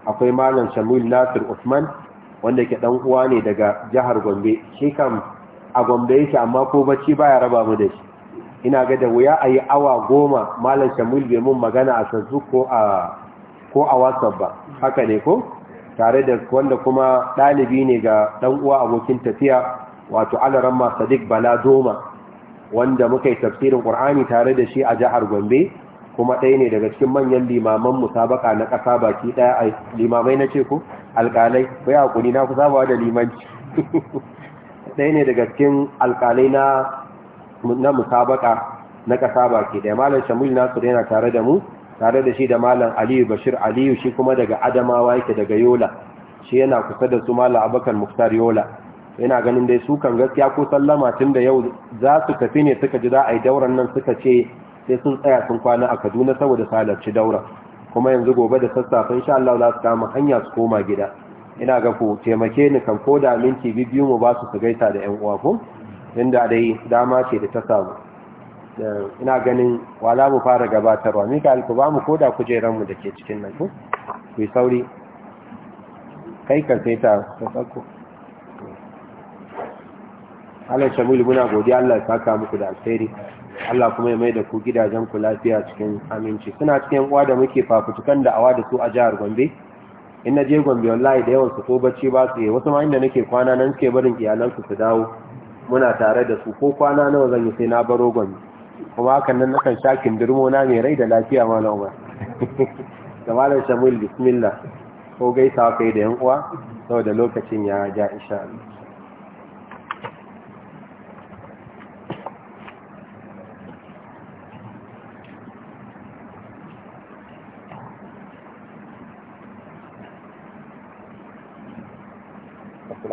akwai malam shamil nasir usman wanda ke ɗan uwa ne daga jihar gombe shi kam a gombe yake amma ko bacci baya raba mu da shi ina ga da wuya ayi awa goma malam shamil bai mun magana a facebook ko a ko a whatsapp ba haka ne ko tare da wanda kuma ɗalibi ne ga ɗan uwa abokin tafiya wato alaramma sadiq bala doma wanda muka yi tafsirin ƙur'ani tare da shi a jihar gombe kuma ɗaya ne daga cikin manyan limaman musabaka na ƙasa baki ɗaya a limamai na ce ku alƙalai ko ya hakuri na ku sabawa da limanci ɗaya ne daga cikin alƙalai na musabaka na ƙasa baki ɗaya malam shamil su daina tare da mu tare da shi da malam aliyu bashir aliyu shi kuma daga adamawa yake daga yola shi yana kusa da su malam abakan muftar yola yana ganin dai su kan gaskiya ko sallama tun da yau za su tafi ne suka ji za a yi dauran nan suka ce sai sun tsaya sun kwana a Kaduna saboda salarci daura kuma yanzu gobe da sassafe insha Allah za su kama hanya su koma gida ina ga ku taimake ni kan ko da minti biyu mu ba su su gaita da ƴan uwa ku inda dai dama ce da ta samu eh, ina ganin wala mu fara gabatarwa Mikael ku ba mu koda kujeran mu dake cikin nan ku ku sauri kai ka sai ta tsako Allah shamil muna godiya Allah ya saka muku da alheri Allah kuma ya mai da ku gidajen ku lafiya cikin aminci suna cikin uwa da muke fafutukan da awa da su a jihar Gombe in na je Gombe wallahi da yawan su ko bacci ba su yi wasu ma inda nake kwana nan suke barin iyalan su su dawo muna tare da su ko kwana nawa zan yi sai na baro Gombe kuma hakan nan nakan sha kindirmo na mai rai da lafiya ma na umar da malam Shamil bismillah ko gaisawa kai da yan uwa saboda lokacin ya ja insha Allah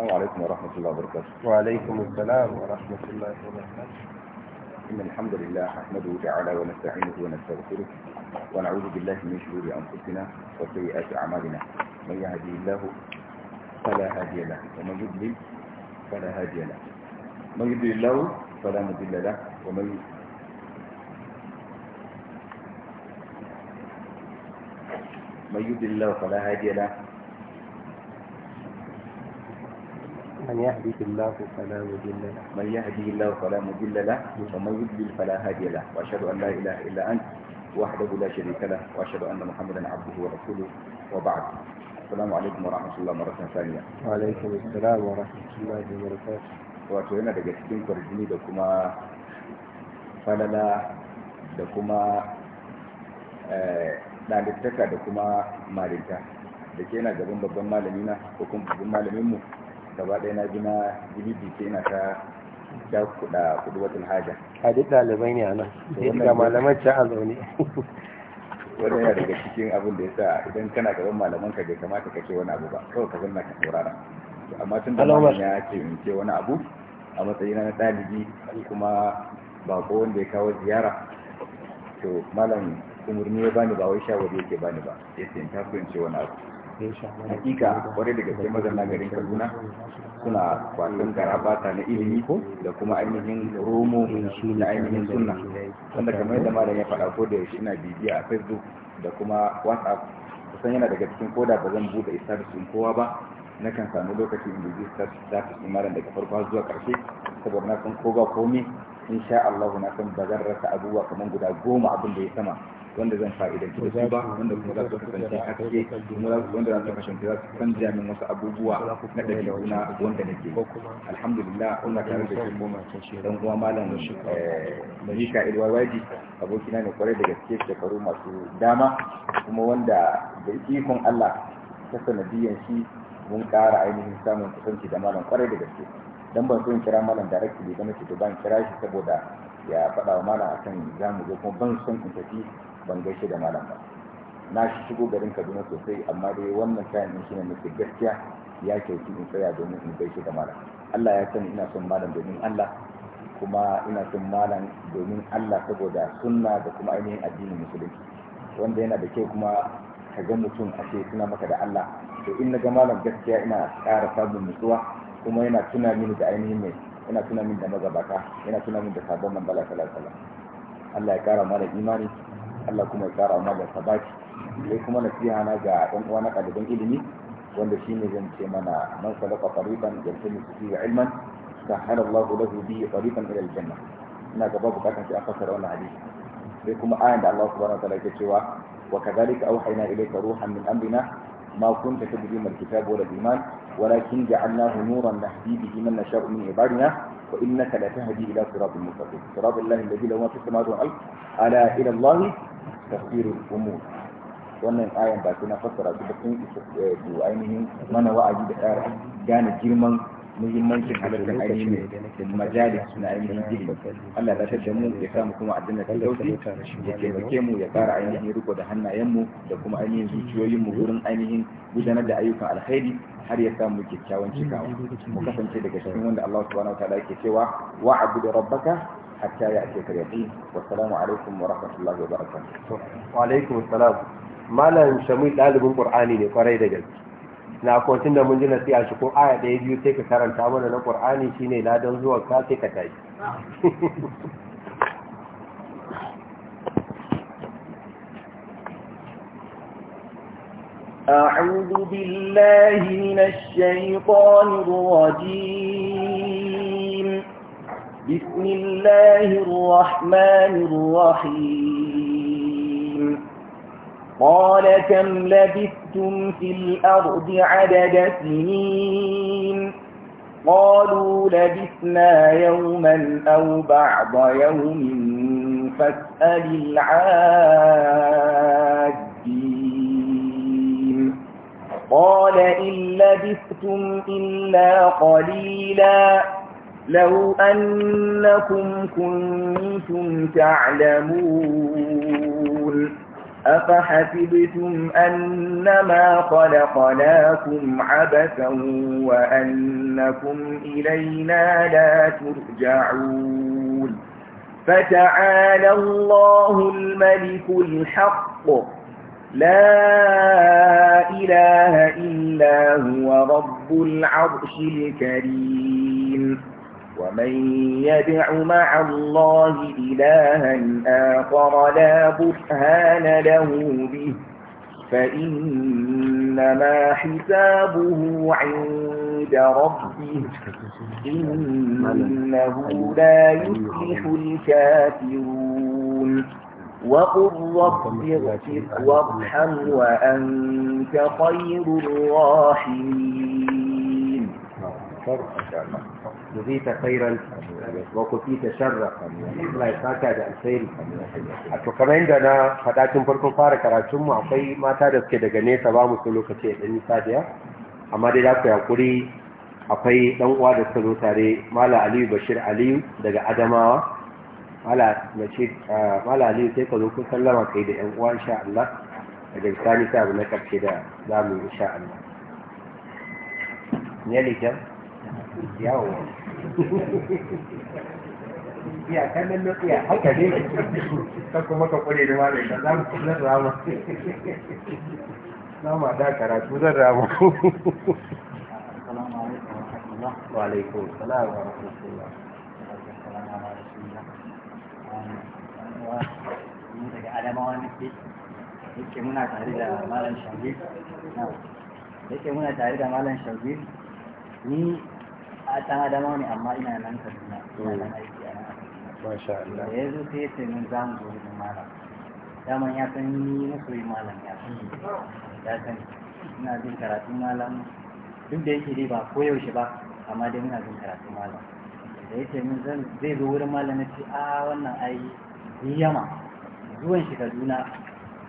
السلام عليكم ورحمة الله وبركاته وعليكم السلام ورحمة الله وبركاته إن الحمد لله نحمده تعالى ونستعينه ونستغفره ونعوذ بالله من شرور أنفسنا وسيئات أعمالنا من يهدي الله فلا هادي له ومن يضلل فلا هادي له من يضلل الله فلا مضل له ومن من يضلل الله فلا هادي له من يهدي الله فلا مضل له من يهدي الله فلا مضل له ومن يضلل فلا هادي له واشهد ان لا اله الا انت وحده لا شريك له واشهد ان محمدا عبده ورسوله وبعد السلام عليكم ورحمه الله مره ثانيه وعليكم السلام ورحمه الله وبركاته wato yana daga cikin kwarjini da kuma falala da kuma ɗalittaka da kuma malinta da ke yana gaban babban malamina ko kuma babban malaminmu gaba ɗaya na jina jini ce ina ta ja kuɗa kuɗi wata haja a duk ɗalibai ne a nan ga malaman can a zaune wani yana daga cikin abin da ya sa idan kana gaban malaman ka bai kamata ka ce wani abu ba kawai ka zanna ka saurara amma tun da malamin ya ce in ce wani abu a matsayina na ɗalibi kuma bako wanda ya kawo ziyara to malam umarni ya bani ba wai shawari yake bani ba ya ce in ta in ce wani abu hakika wani daga cikin mazana garin kaduna suna kwasan garabata na ilimi da kuma ainihin romo na ainihin sunna wanda kamar yadda malam ya faɗa ko da yaushe ina bibiya a facebook da kuma whatsapp kusan yana daga cikin koda ba zan buɗe status din kowa ba na kan samu lokaci in bibi status malam daga farko zuwa ƙarshe saboda na san ko ba komai insha Allah na san ba zan rasa abubuwa kamar guda goma abin da ya sama wanda zan fa'idanci da su ba wanda kuma za su kasance haske wanda za su kasance za su san jamin wasu abubuwa na ɗabi'u na wanda nake alhamdulillah Allah tare da shi dan kuma malam eh, Mika aboki abokina ne kwarai da gaske shekaru masu dama kuma wanda da ikon Allah ta sanadiyan shi mun kara ainihin samun kusanci da malam kwarai da gaske dan ban so in kira malam directly ba nake to ban kira shi saboda ya faɗa wa malam akan zamu zo kuma ban son in tafi ban gaishe da malam ba na shigo garin kaduna sosai amma dai wannan kayan din shine nake gaskiya ya kyautu in tsaya domin in gaishe da malam Allah ya sani ina son malam domin Allah kuma ina son malam domin Allah saboda sunna da kuma ainihin addinin musulunci wanda yana da kyau kuma ka ga mutum a ce suna maka da Allah to in na ga malam gaskiya ina ƙara samun nutsuwa kuma yana tuna mini da ainihin mai yana tuna mini da magabata yana tuna mini da sabon bala sallallahu alaihi wasallam Allah ya ƙara mana imani Allah kuma ya kara mana da sabaki sai kuma na nasiha na ga ɗan uwa na ɗaliban ilimi wanda shi ne zan ce mana man salaka tariqan yantani fihi ilman سهل الله له به طريقا الى الجنه ina gaba bukatan sai a fassara wannan hadisi sai kuma ayan da Allah subhanahu wataala ke cewa wa kadhalika awhayna ilayka ruhan min amrina ma kunta tadri min alkitab wal iman walakin ja'alnahu nuran nahdi bihi man nasha'u min ibadina wa innaka la tahdi ila siratin mustaqim siratal ladhi la ilaha illa huwa ala ila allahi tafsirul umur wannan ayan ba sai na fassara su ba sun isa eh, to ainihin mana wa'azi da tsara gane girman muhimmancin halartar ainihin majalis na ainihin gidi Allah ya da mu ya samu kuma addinin da dauki ya taimake mu ya kara ainihin riko da hannayenmu da kuma ainihin zuciyoyinmu wurin ainihin gudanar da ayyukan alkhairi har ya samu kyakkyawan cikawa mu kasance daga cikin wanda Allah subhanahu wa ta'ala yake cewa wa'budu rabbaka hatta ya ake karyaɗi wassalamu alaikum wa rahmatullahi wa barakatuh wa alaikum assalam malam shamu ɗalibin qur'ani ne kwarai da gaske na kotun da mun ji nasiha shi ko aya ɗaya biyu sai ka karanta mana na Kur'ani shine ladan zuwa ka ka tashi أعوذ بالله من الشيطان الرجيم بسم الله الرحمن الرحيم قال كم لبثتم في الأرض عدد سنين قالوا لبثنا يوما أو بعض يوم فاسأل العادين قال إن لبثتم إلا قليلاً لو أنكم كنتم تعلمون أفحسبتم أنما خلقناكم عبثا وأنكم إلينا لا ترجعون فتعالى الله الملك الحق لا إله إلا هو رب العرش الكريم ومن يدع مع الله إلها آخر لا برهان له به فإنما حسابه عند ربه إنه لا يفلح الكافرون وقل رب اغفر وارحم وأنت خير الراحمين نعم. جزيت خيرا وكفيت allah ya يساك da alkhairi a to kamar yadda na faɗa tun farkon fara karatun mu akwai mata da suke daga nesa ba mu sun lokaci da ɗan nisa amma dai za ku yakuri akwai dan uwa da suka zo tare mala aliyu bashir aliyu daga adamawa mala aliyu sai ka zo kun sallama kai da yan uwa insha Allah daga bisani sai abu na karshe da za mu insha Allah ne likin yawon iya kan nan iya haka ne ta kuma ka kware ni wani ka zamu kullun rama na ma da karatu zan rama assalamu alaikum wa rahmatullah wa alaikum assalam wa rahmatullah ni daga adamawa ke yake muna tare da malam shamil na yake muna tare da malam shamil ni a ɗan adama ne amma ina nan kaduna hmm. ina nan aiki a nan masha Allah da ya zo sai ya ce min za mu zo wajen malam daman ya san ni masoyi malam ya san ya san ina jin karatun malam duk da yake dai ba koyaushe ba amma dai ina jin karatun malam da ya ce min zai zo wurin malam na ce a wannan ai yama zuwan shi kaduna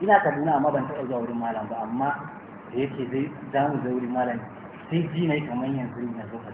ina kaduna amma ban taɓa zuwa wurin malam ba amma da ya ce zai za mu zo wurin malam sai ji na kamar yanzu na zo kaduna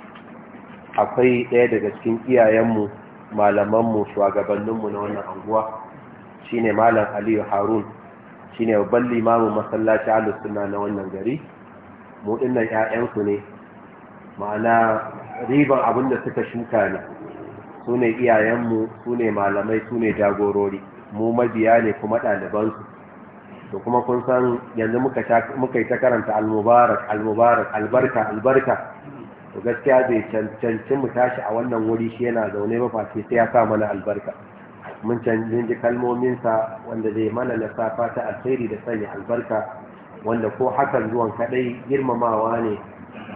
akwai ɗaya daga cikin iyayenmu malamanmu shugabanninmu na wannan anguwa ne malam aliyu harun Shi ne babban limamin masallaci alusuna na wannan gari mu ɗinnan 'ya'yansu ne ma'ana riban abin da suka shuka ne su ne iyayenmu su ne malamai su ne jagorori mu mabiya ne kuma ɗalibansu to kuma kun san yanzu muka yi ta karanta almubarak almubarak albarka albarka to gaskiya bai cancanci mu tashi a wannan wuri shi yana zaune ba face sai ya sa mana albarka mun canjin kalmominsa wanda zai mana lissafa ta alheri da sanya albarka wanda ko hakan zuwan kadai girmamawa ne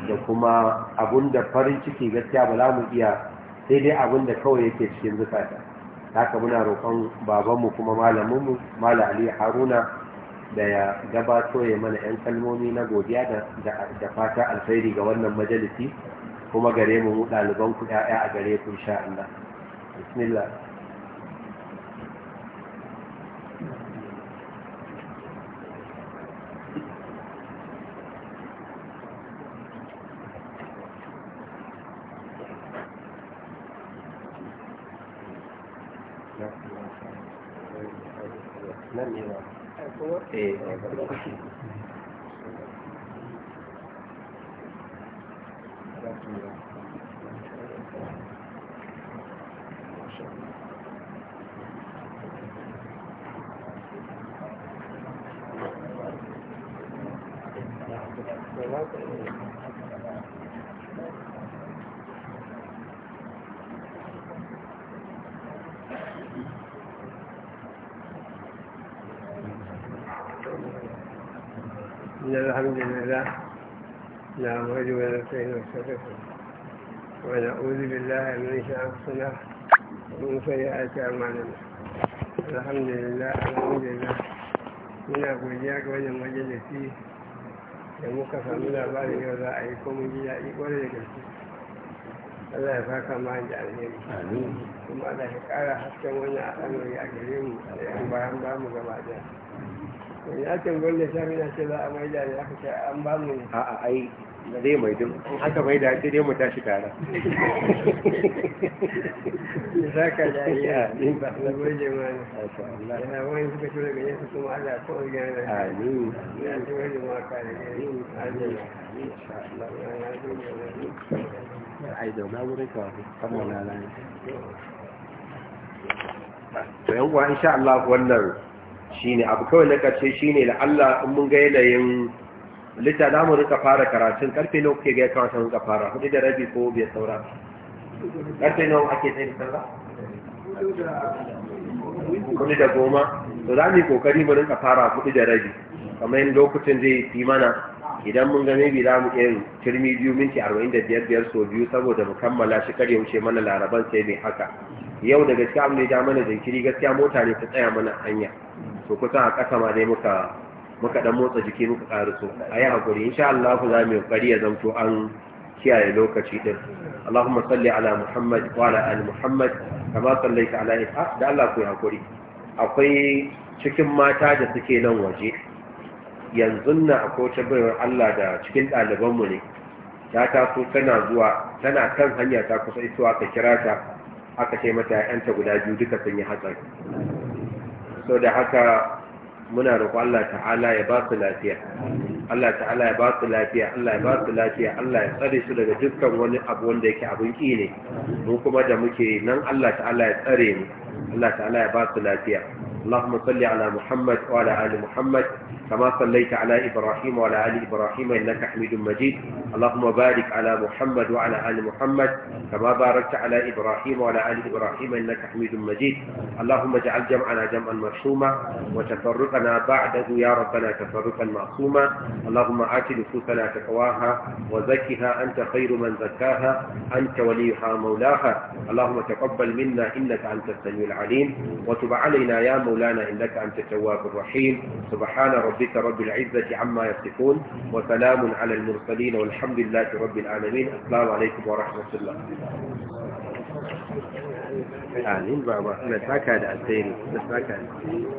da kuma abun da farin ciki gaskiya ba za mu iya sai dai abun da kawai yake cikin zukata haka muna roƙon babanmu kuma malaminmu mala ali haruna da ya gabato ya mana 'yan kalmomi na godiya da fata alfairi ga wannan majalisi kuma gare mu ɗaliban ku 'ya'ya a gare ku sha'an Allah eh, eh, eh. نحمده ونستعينه ونستغفره ونعوذ بالله من شر انفسنا ومن سيئات اعمالنا الحمد لله الحمد لله muna godiya ga wannan majalisi da muka samu labarin yau za a yi ko mun ji daɗi ƙwarai da gaske Allah ya saka ma da alheri kuma Allah ya ƙara hasken wannan al'amari a gare mu da yan bayan bamu gaba ɗaya ya tambayin da sami na ce za a maida ne ya ce an ba mu a'a ai da zai mai dum in aka da saka da ya ma ne yana ya wannan shine abu kawai na ƙarshe shine da Allah in mun ga yanayin lita da mu rika fara karatun karfe nawa kuke ga ya kamata ka fara hudu da rabi ko biyar saura karfe nawa ake tsaye da sallah hudu da goma to za mu yi kokari mu rika fara hudu da rabi kamar yin lokacin zai fi mana idan mun gane bi za mu iya turmi biyu minti arba'in da biyar biyar so biyu saboda mu kammala shi kar ya wuce mana laraban sai mai haka yau da gaskiya mu ne da mana jinkiri gaskiya mota ne ta tsaya mana hanya to a kasa ma dai muka muka dan motsa jiki muka kariso a yi haƙuri insha Allah za mu yi ya zanto an kiyaye lokaci din Allahumma salli ala Muhammad wa ala ali Muhammad kama sallaita ala Ishaq ah, da Allah ku hakuri akwai cikin mata da suke nan waje yanzu na a kowace baiwar Allah da cikin mu ne ta taso tana zuwa tana kan hanya ta kusa isuwa ka kira ta aka ce mata 'yanta guda biyu duka sun yi hatsari sau da haka muna roƙo Allah ta'ala ya ba su lafiya Allah ta'ala ya ba su lafiya Allah ya ba su lafiya Allah ya tsare su daga dukkan wani abu wanda yake abin ƙi ne mu kuma da muke nan Allah ta'ala ya tsare mu الله تعالى ya ba اللهم صل على محمد وعلى آل محمد كما صليت على إبراهيم وعلى آل إبراهيم إنك حميد مجيد اللهم بارك على محمد وعلى آل محمد كما باركت على إبراهيم وعلى آل إبراهيم إنك حميد مجيد اللهم اجعل جمعنا جمعا مرحوما وتفرقنا بعده يا ربنا تفرقا معصوما اللهم آت نفوسنا تقواها وزكها أنت خير من زكاها أنت وليها مولاها اللهم تقبل منا إنك أنت السميع العليم العليم وتب علينا يا مولانا إنك أنت التواب الرحيم سبحان ربك رب العزة عما يصفون وسلام على المرسلين والحمد لله رب العالمين السلام عليكم ورحمة الله آمين بابا لا تاكد السيري